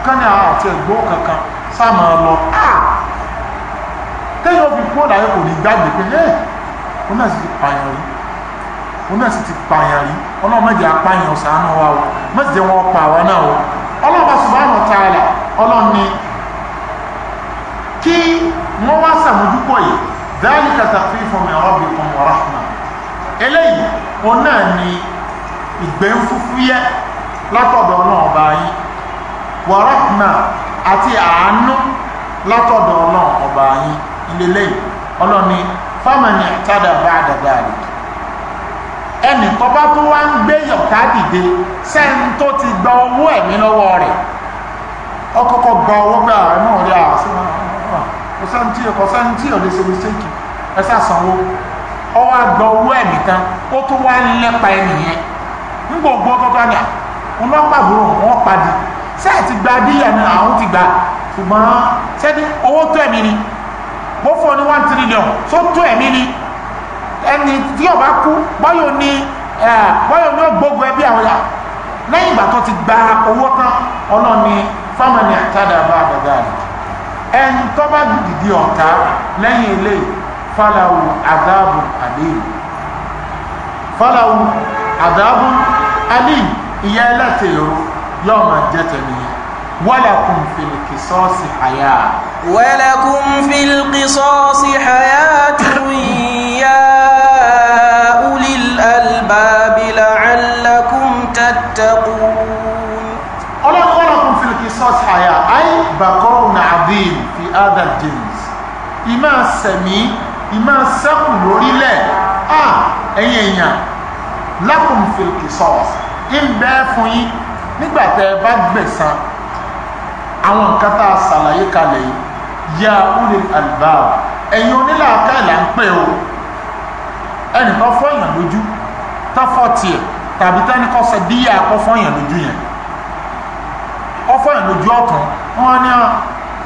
kán ní àwọn àti ẹ̀gbọ́n kankan sáàmà lọ téèyàn fi kúrò láyé kò ní gbàgbé pé ẹ́ òun náà sì ti pààyàn rí òun náà sì ti pààyàn rí ọlọ́run má jẹ́ apáyàn ṣàánú wa o má jẹ́ wọn pa àwa náà o ọlọ́run subhanahu wa ta'ala ọlọ́run ni kí wọ́n wá sàmójúkọ̀ yìí dhalika takhfifun min rabbikum wa rahma eléyìí òun náà ni ìgbẹ́ fúfúyẹ́ látọ̀dọ̀ náà báyìí wa rahma àti àánú látọ̀dọ̀ ọlọ́run ọba yín ilélẹ́yìn ọlọ́ni fámánì àtàdà bá àdàdà rẹ̀ ẹnì kan tó wá ń gbé yọ̀ká dìde tó ti gba owó ẹ̀mí lọ́wọ́ rẹ̀ gba owó gbà kò tí kò tí ò lè ṣe mistake ẹ sàsanwó owó sẹ́ẹ̀ ti gba díyà náà àwọn ti gba ṣùgbọ́n sẹ́ni owó tó ẹ̀mí ni mo fún ọ one trillion tó tó ẹ̀mí ni ẹni tí ọba kú bọ́yọ̀ ní bọ́yọ̀ ní ọgbọ́gbọ́ ẹbí àwọn ya lẹ́yìn ìgbà tó ti gba owó tán ọlọ́ni fámánì àtàdà bá àbàdà rẹ̀ ẹni tó bá dìde ọ̀tá lẹ́yìn ilé fàlàwù àdáàbù àléèlú fàlàwù àdáàbù àléèlú ìyá ẹlẹ́tẹ̀ẹ́ yóò máa jẹ́ tẹ̀lé walakum fil qisasi hayah. walakum fil qisasi hayatun ya ulil albabi la'allakum tattaqun. ọlọ́run walakum fil qisasi hayah ay bakorun adhim fi hadha al-jins ìmá sẹ̀mí ìmá sẹ́kù lórílẹ̀ ah, ẹ̀yìn èèyàn lakum fil qisasi ń bẹ́ẹ̀ fún yín nígbà tẹ́ ẹ bá gbẹ̀san àwọn nǹkan tá a ṣàlàyé kalẹ̀ yìí ya ulil albab ẹ̀yin onílàáká ìlà ń pè o ẹnì kan fọ́ èèyàn lójú tá fọ́ tiẹ̀ tàbí tẹ́ni kan sọ díyà kọ́ fọ́ èèyàn lójú yẹn ọ fọ́ èèyàn lójú ọ̀tún wọn ní ah,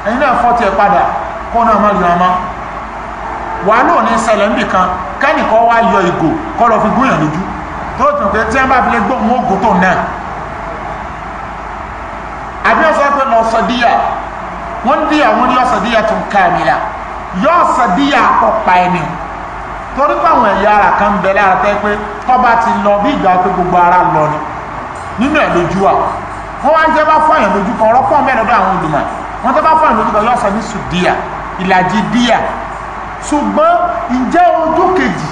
ẹ̀yin náà fọ́ tiẹ̀ padà kó náà má lè ọmọ wàhálà ò ní ṣẹlẹ̀ níbìkan kẹ́nìkan wá yọ ìgò kọ́ lọ fi gún èèyàn lójú tó tún pé tí wọ́n bá fi lè gbóhùn ogun tó náà abi ɔsɛ pɛ na ɔsɔdiya wɔn di a wɔn yɛ ɔsɔdiya tun kaa mi la yɛ ɔsɔdiya akɔ kpae ni torí pé àwọn ẹ̀yà ara kan bẹ lára tẹ́ pé tọ́ba ti lọ bí ìgbà pé gbogbo ara lọ ni nínú ẹ̀ lójú wa wọ́n wá ń jẹ́ bá fún àyàn lójú kan ọ̀rọ̀ pọ̀ mẹ́rin ọdún àwọn olùmọ̀ wọ́n tẹ́ bá fún àyàn lójú kan yóò sọ ní sùdíà ìlàjì díà ṣùgbọ́n ǹjẹ́ ojú kejì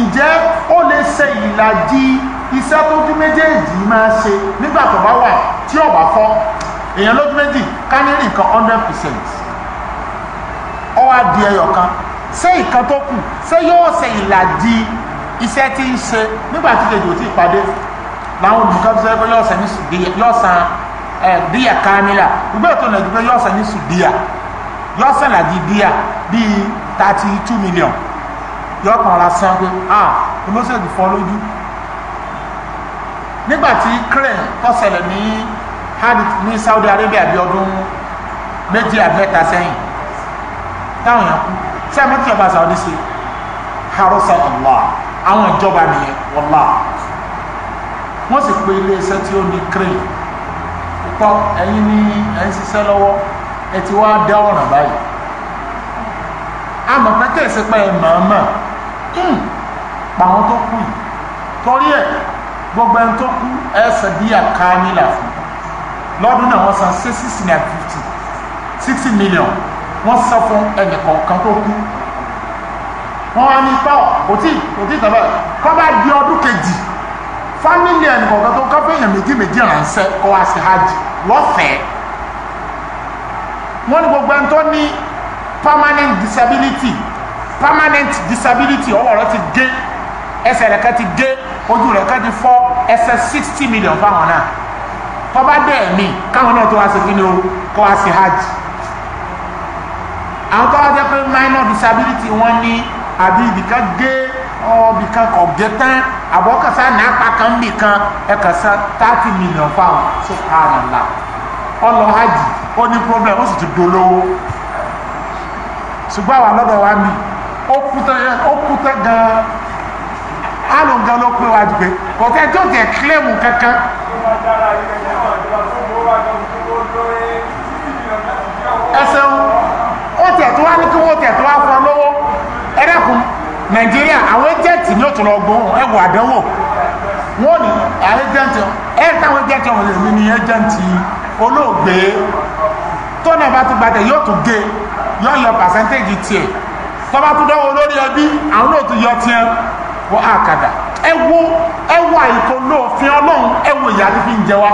ǹjẹ́ ó lè ṣe ìlàjì iṣẹ́ tó dí méjèèjì máa ṣe nígbà tó bá wà tí ò bá fọ́ èèyàn lójú méjì ká ní nǹkan hundred percent ó wá di ẹyọ kan ṣé ìkan tó kù ṣé yóò ṣe ìlàjì iṣẹ́ tí ń ṣe nígbà tí kejì ò tí ì pàdé láwọn olùkọ́ tó ṣe pé yóò san díyà kámílà gbogbo ètò ìlàjì pé yóò san ní sùdíyà yóò san ìlàjì díyà bíi thirty two million yóò kàn ra san pé ah olóṣèlú fọ́ lójú nígbàtí crane tó ṣẹlẹ̀ ní hadith ní Saudi Arabia bí ọdún méjì àbẹ́ta sẹ́yìn táwọn yẹn kú sẹ́yìn mọ́tò ìjọba Saudi ṣe harusa Allah àwọn ìjọba nìyẹn wọ́lá wọ́n sì pé iléeṣẹ́ tí ó ní crane púpọ̀ ẹ̀yin ní ẹ̀ ń ṣiṣẹ́ lọ́wọ́ ẹ ti wá dá ọ̀ràn báyìí àmọ́ ìsepẹ́ ẹ̀ mọ̀ọ́mọ̀ hmm. pa tó kù yìí torí ẹ̀ gbogbo ẹni tó kú ẹ sọ díà kámílà fún lọ́dún náà wọ́n san sixty nine fifty sixty million wọ́n san fún ẹnì kọ̀ọ̀kan tó kú wọ́n wá ní pọ́ òtí òtí tẹ̀lé kọ́ bá di ọdún kejì fámìlì ẹnì kọ̀ọ̀kan tó kọ́ fẹ́yàn méjì méjì ránṣẹ́ kọ́ wá sí hajj lọ́fẹ̀ẹ́ wọ́n ní gbogbo ẹni tó ní permanent disability permanent disability ọwọ́ rẹ ti gé ẹsẹ̀ rẹ̀ kan ti dé ojú rẹ̀ kan ti fọ́ ẹsẹ̀ sixty million fáwọn náà tọ́ba dẹ̀ mí káwọn náà tó wá sí kíni o kó wá sí hajj àwọn tọ́ba jẹ́ pé minor disability wọ́n ní àbí ibìkan gé ibìkan kọ̀ gé tán àbọ̀kàsá nàápa kan bìkan ẹ̀kàsá thirty million fáwọn subhanallah ọlọ hajj ó ní problem ó sì ti dolówó ṣùgbọ́n àwọn lọ́dọ̀ wa mi ó kú tán gan-an alùngan ló pé wájú pé kọ̀kẹ́ tó tẹ̀ kílẹ̀mù kankan ẹsẹ̀ ó tẹ̀ tó wá ní kí wọ́n tẹ̀ tó wá fún ọ lọ́wọ́ ẹ̀rẹ́kùn nàìjíríà àwọn ẹjẹǹtì ní òtún ọgbọ́n ẹwọ àdánwò wọn ni àwọn ẹjẹǹtì ẹ táwọn ẹjẹǹtì ọmọ èmi ni ẹjẹǹtì olóògbé tóní ọba tó gbàdẹ yóò tún gé yọ yọ pàṣẹńtéèjì tiẹ̀ tọba tó dọwọ olórí ẹbí àwọn náà tún yọ tiẹ̀ wọ́n á kàdà ẹ wo ẹ wà ìkó lóòfin ọlọ́run ẹ wo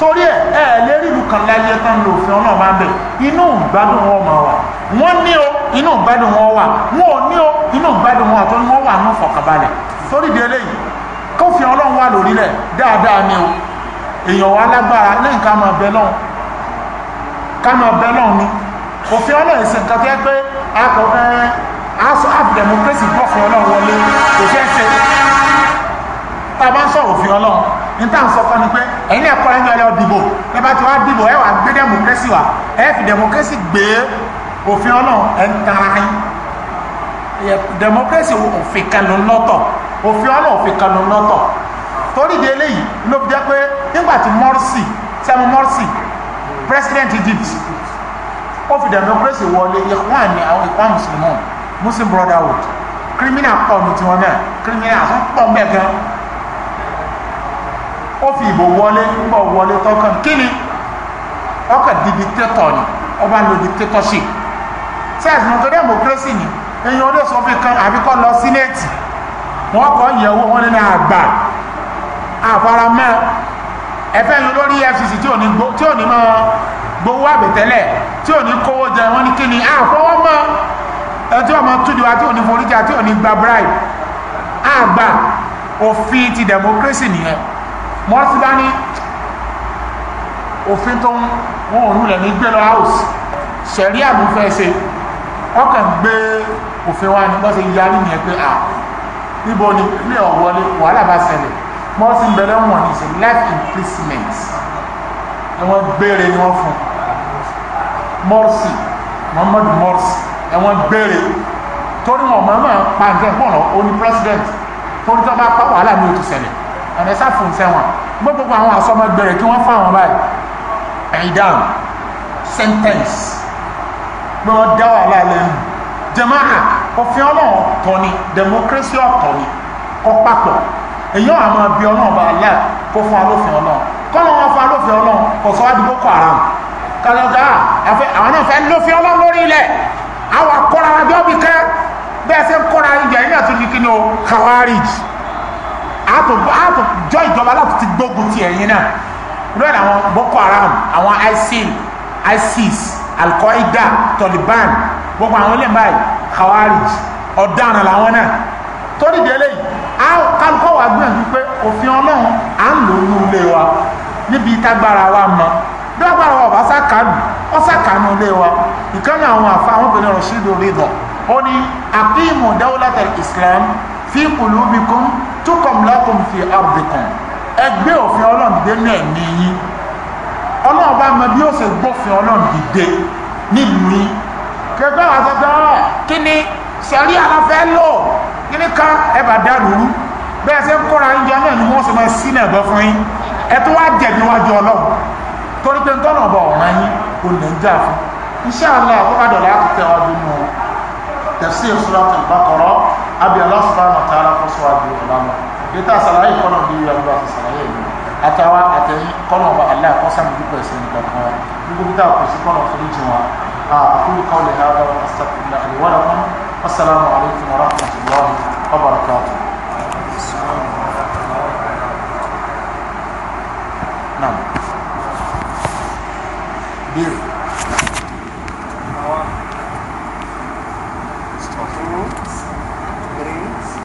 torí ẹ ẹ lérí ìlú kan láyé tán lóòfin ọlọ́run máa ń inú ìgbádùn wọn máa wà wọ́n ní o inú ìgbádùn wọn wà wọn ò ní o inú ìgbádùn wọn ni wà ní ìfọ̀kànbalẹ̀ torí di eléyìí kófin ọlọ́run wà dáadáa ni o èèyàn lágbára lẹ́yìn ká máa bẹ lọ́hùn ni òfin ọlọ́run ẹ̀sìn house of democracy bọ́ fún ọlọ́run wọlé kò ṣeé ṣe tá a bá ń sọ òfin ọlọ́run ní tá à ń sọ fún ni pé ẹ̀yin ẹ̀kọ́ ẹ̀yin ọlẹ́ ọdìbò ẹ bá ti wá dìbò ẹ wà gbé democracy wà ẹ fi democracy gbé òfin ọlọ́run ẹ̀ ń tara yín democracy òfin kan ló ń lọ́tọ̀ òfin ọlọ́run òfin kan ló ń lọ́tọ̀ torí di eléyìí ló fi jẹ́ pé nígbà tí Morsi sẹ́mu Morsi president Egypt ó fi democracy wọlé ìkwáàní àwọn ìkwá mùsùlùmí muslim brotherhood criminal pọ̀ ní tiwọn náà criminal tó pọ̀ mẹ́ gan ó fi ìbò wọlé ń bọ̀ wọlé tọkàn kíni ọkàn di dictator ni ọba ń lo dictatorship sẹ́ẹ̀sì ní torí democracy ni èèyàn olè sọ fi kan àbíkọ́ lọ sínéètì wọ́n kọ́ ìyẹ̀wò wọn nínú àgbà àfaramẹ́ ẹ̀fẹ́ yìí lórí EFCC tí ò ní gbowó àbẹ̀tẹ́lẹ̀ tí ò ní kówó jẹ wọ́n ní kíni àfọwọ́mọ́ ẹni tí ọmọ túnjú wa tí ò ní foríjà tí ò ní gba bribe àgbà òfin ti democracy nìyẹn mọ́tí bá ní òfin tó ń wọ́n òun lẹ̀ ní gbé lọ house ṣẹ̀rí àmúfẹ́ ṣe ọkàn gbé òfin wa ní bọ́sẹ̀ yarí nìyẹn pé à níbo ni ilé ọ̀wọ́lé wàhálà bá ṣẹlẹ̀ mọ́tí bẹ̀rẹ̀ wọ̀n ní ṣe life imprisonment ni wọ́n gbére ni wọ́n fún mọ́ọ̀sì Muhammadu mọ́ọ̀sì ẹ̀wọ̀n gbére torí wọn mọ̀ọ́mọ̀ pa nǹkan pọ̀nà oní president torí tó bá pa wàhálà ní oṣù sẹ̀lẹ̀ ẹ̀rọ ẹ̀sà fún sẹ́wọ̀n gbogbo àwọn àsọmọ gbére kí wọ́n fáwọn báyìí ẹ̀yìn dáhùn sentence pé wọ́n dá wàhálà lẹ́nu jẹmáà òfin ọlọ́run ọ̀tọ̀ ni democracy ọ̀tọ̀ ni kọ́ papọ̀ èyàn àmọ́ bí ọlọ́run bá láì kó fún alófin ọlọ́run kọ́nà wọn fún alófin ọlọ́run kò sọ wá di boko haram kàlọ́gà àwọn náà fẹ́ lófin ọlọ́run lórí ilẹ̀ àwọn akọ́ra ọjọ́ bí kẹ́ bẹ́ẹ̀ ṣe ń kọ́ra ìjà yìí àti ní kíni o kawarij àtòjọ́ ìjọba láti ti gbógun ti ẹ̀yìn náà lóyìn àwọn Boko Haram àwọn ISIL ISIS Al-Qaeda Taliban gbogbo àwọn ilé báyìí kawarij ọ̀daràn làwọn náà torí délé yìí a kálukọ́ wà gbìyànjú pé òfin Ọlọ́run à ń lò ó ní ilé wa níbi tágbára wa mọ́ dọ́gba àwọn ọ̀bá sákàánù ọ̀sákàánù ilé wa ìkànnì àwọn àfa àwọn obìnrin ọ̀rọ̀ ṣídò rídọ̀ ó ní àkíìmù dáwọ́látà Islam fi kùlùbíkún túkọ̀m lákùn fi àbùkùn ẹgbẹ́ òfin ọlọ́run dé ní ẹ̀mí yín ọlọ́run bá mọ bí ó ṣe gbófin ọlọ́run dìde nílùú yín kẹgbẹ́ àwọn àtọ́jọ́ kí ni sẹ̀rí aláfẹ́ lò kí ni ká ẹ bá dá lùrú bẹ́ẹ̀ ṣe ń kóra ń jẹ náà ni wọ́n ṣe máa sí náà gbọ́ fún yín ẹ tó wá jẹ̀bi wájú ọlọ́run torí pé tọ́nà ọba ọ̀ràn yín kò ní ń jà fún insha Allah àkọ́kàdọ̀ láti tẹ ọdún nù tafsir suratul Baqara abi Allah subhanahu wa ta'ala kó sọ àbí ọ̀lànà ètò àṣàlàyé kọ́nà bí ìyá ọba àṣàlàyé mi àtàwọn àtẹ̀yìn kọ́nà ọba Allah àkọ́sàmì ẹ̀sìn nígbà kan wa أقول قولي هذا وأستغفر والسلام عليكم ورحمة الله وبركاته beer.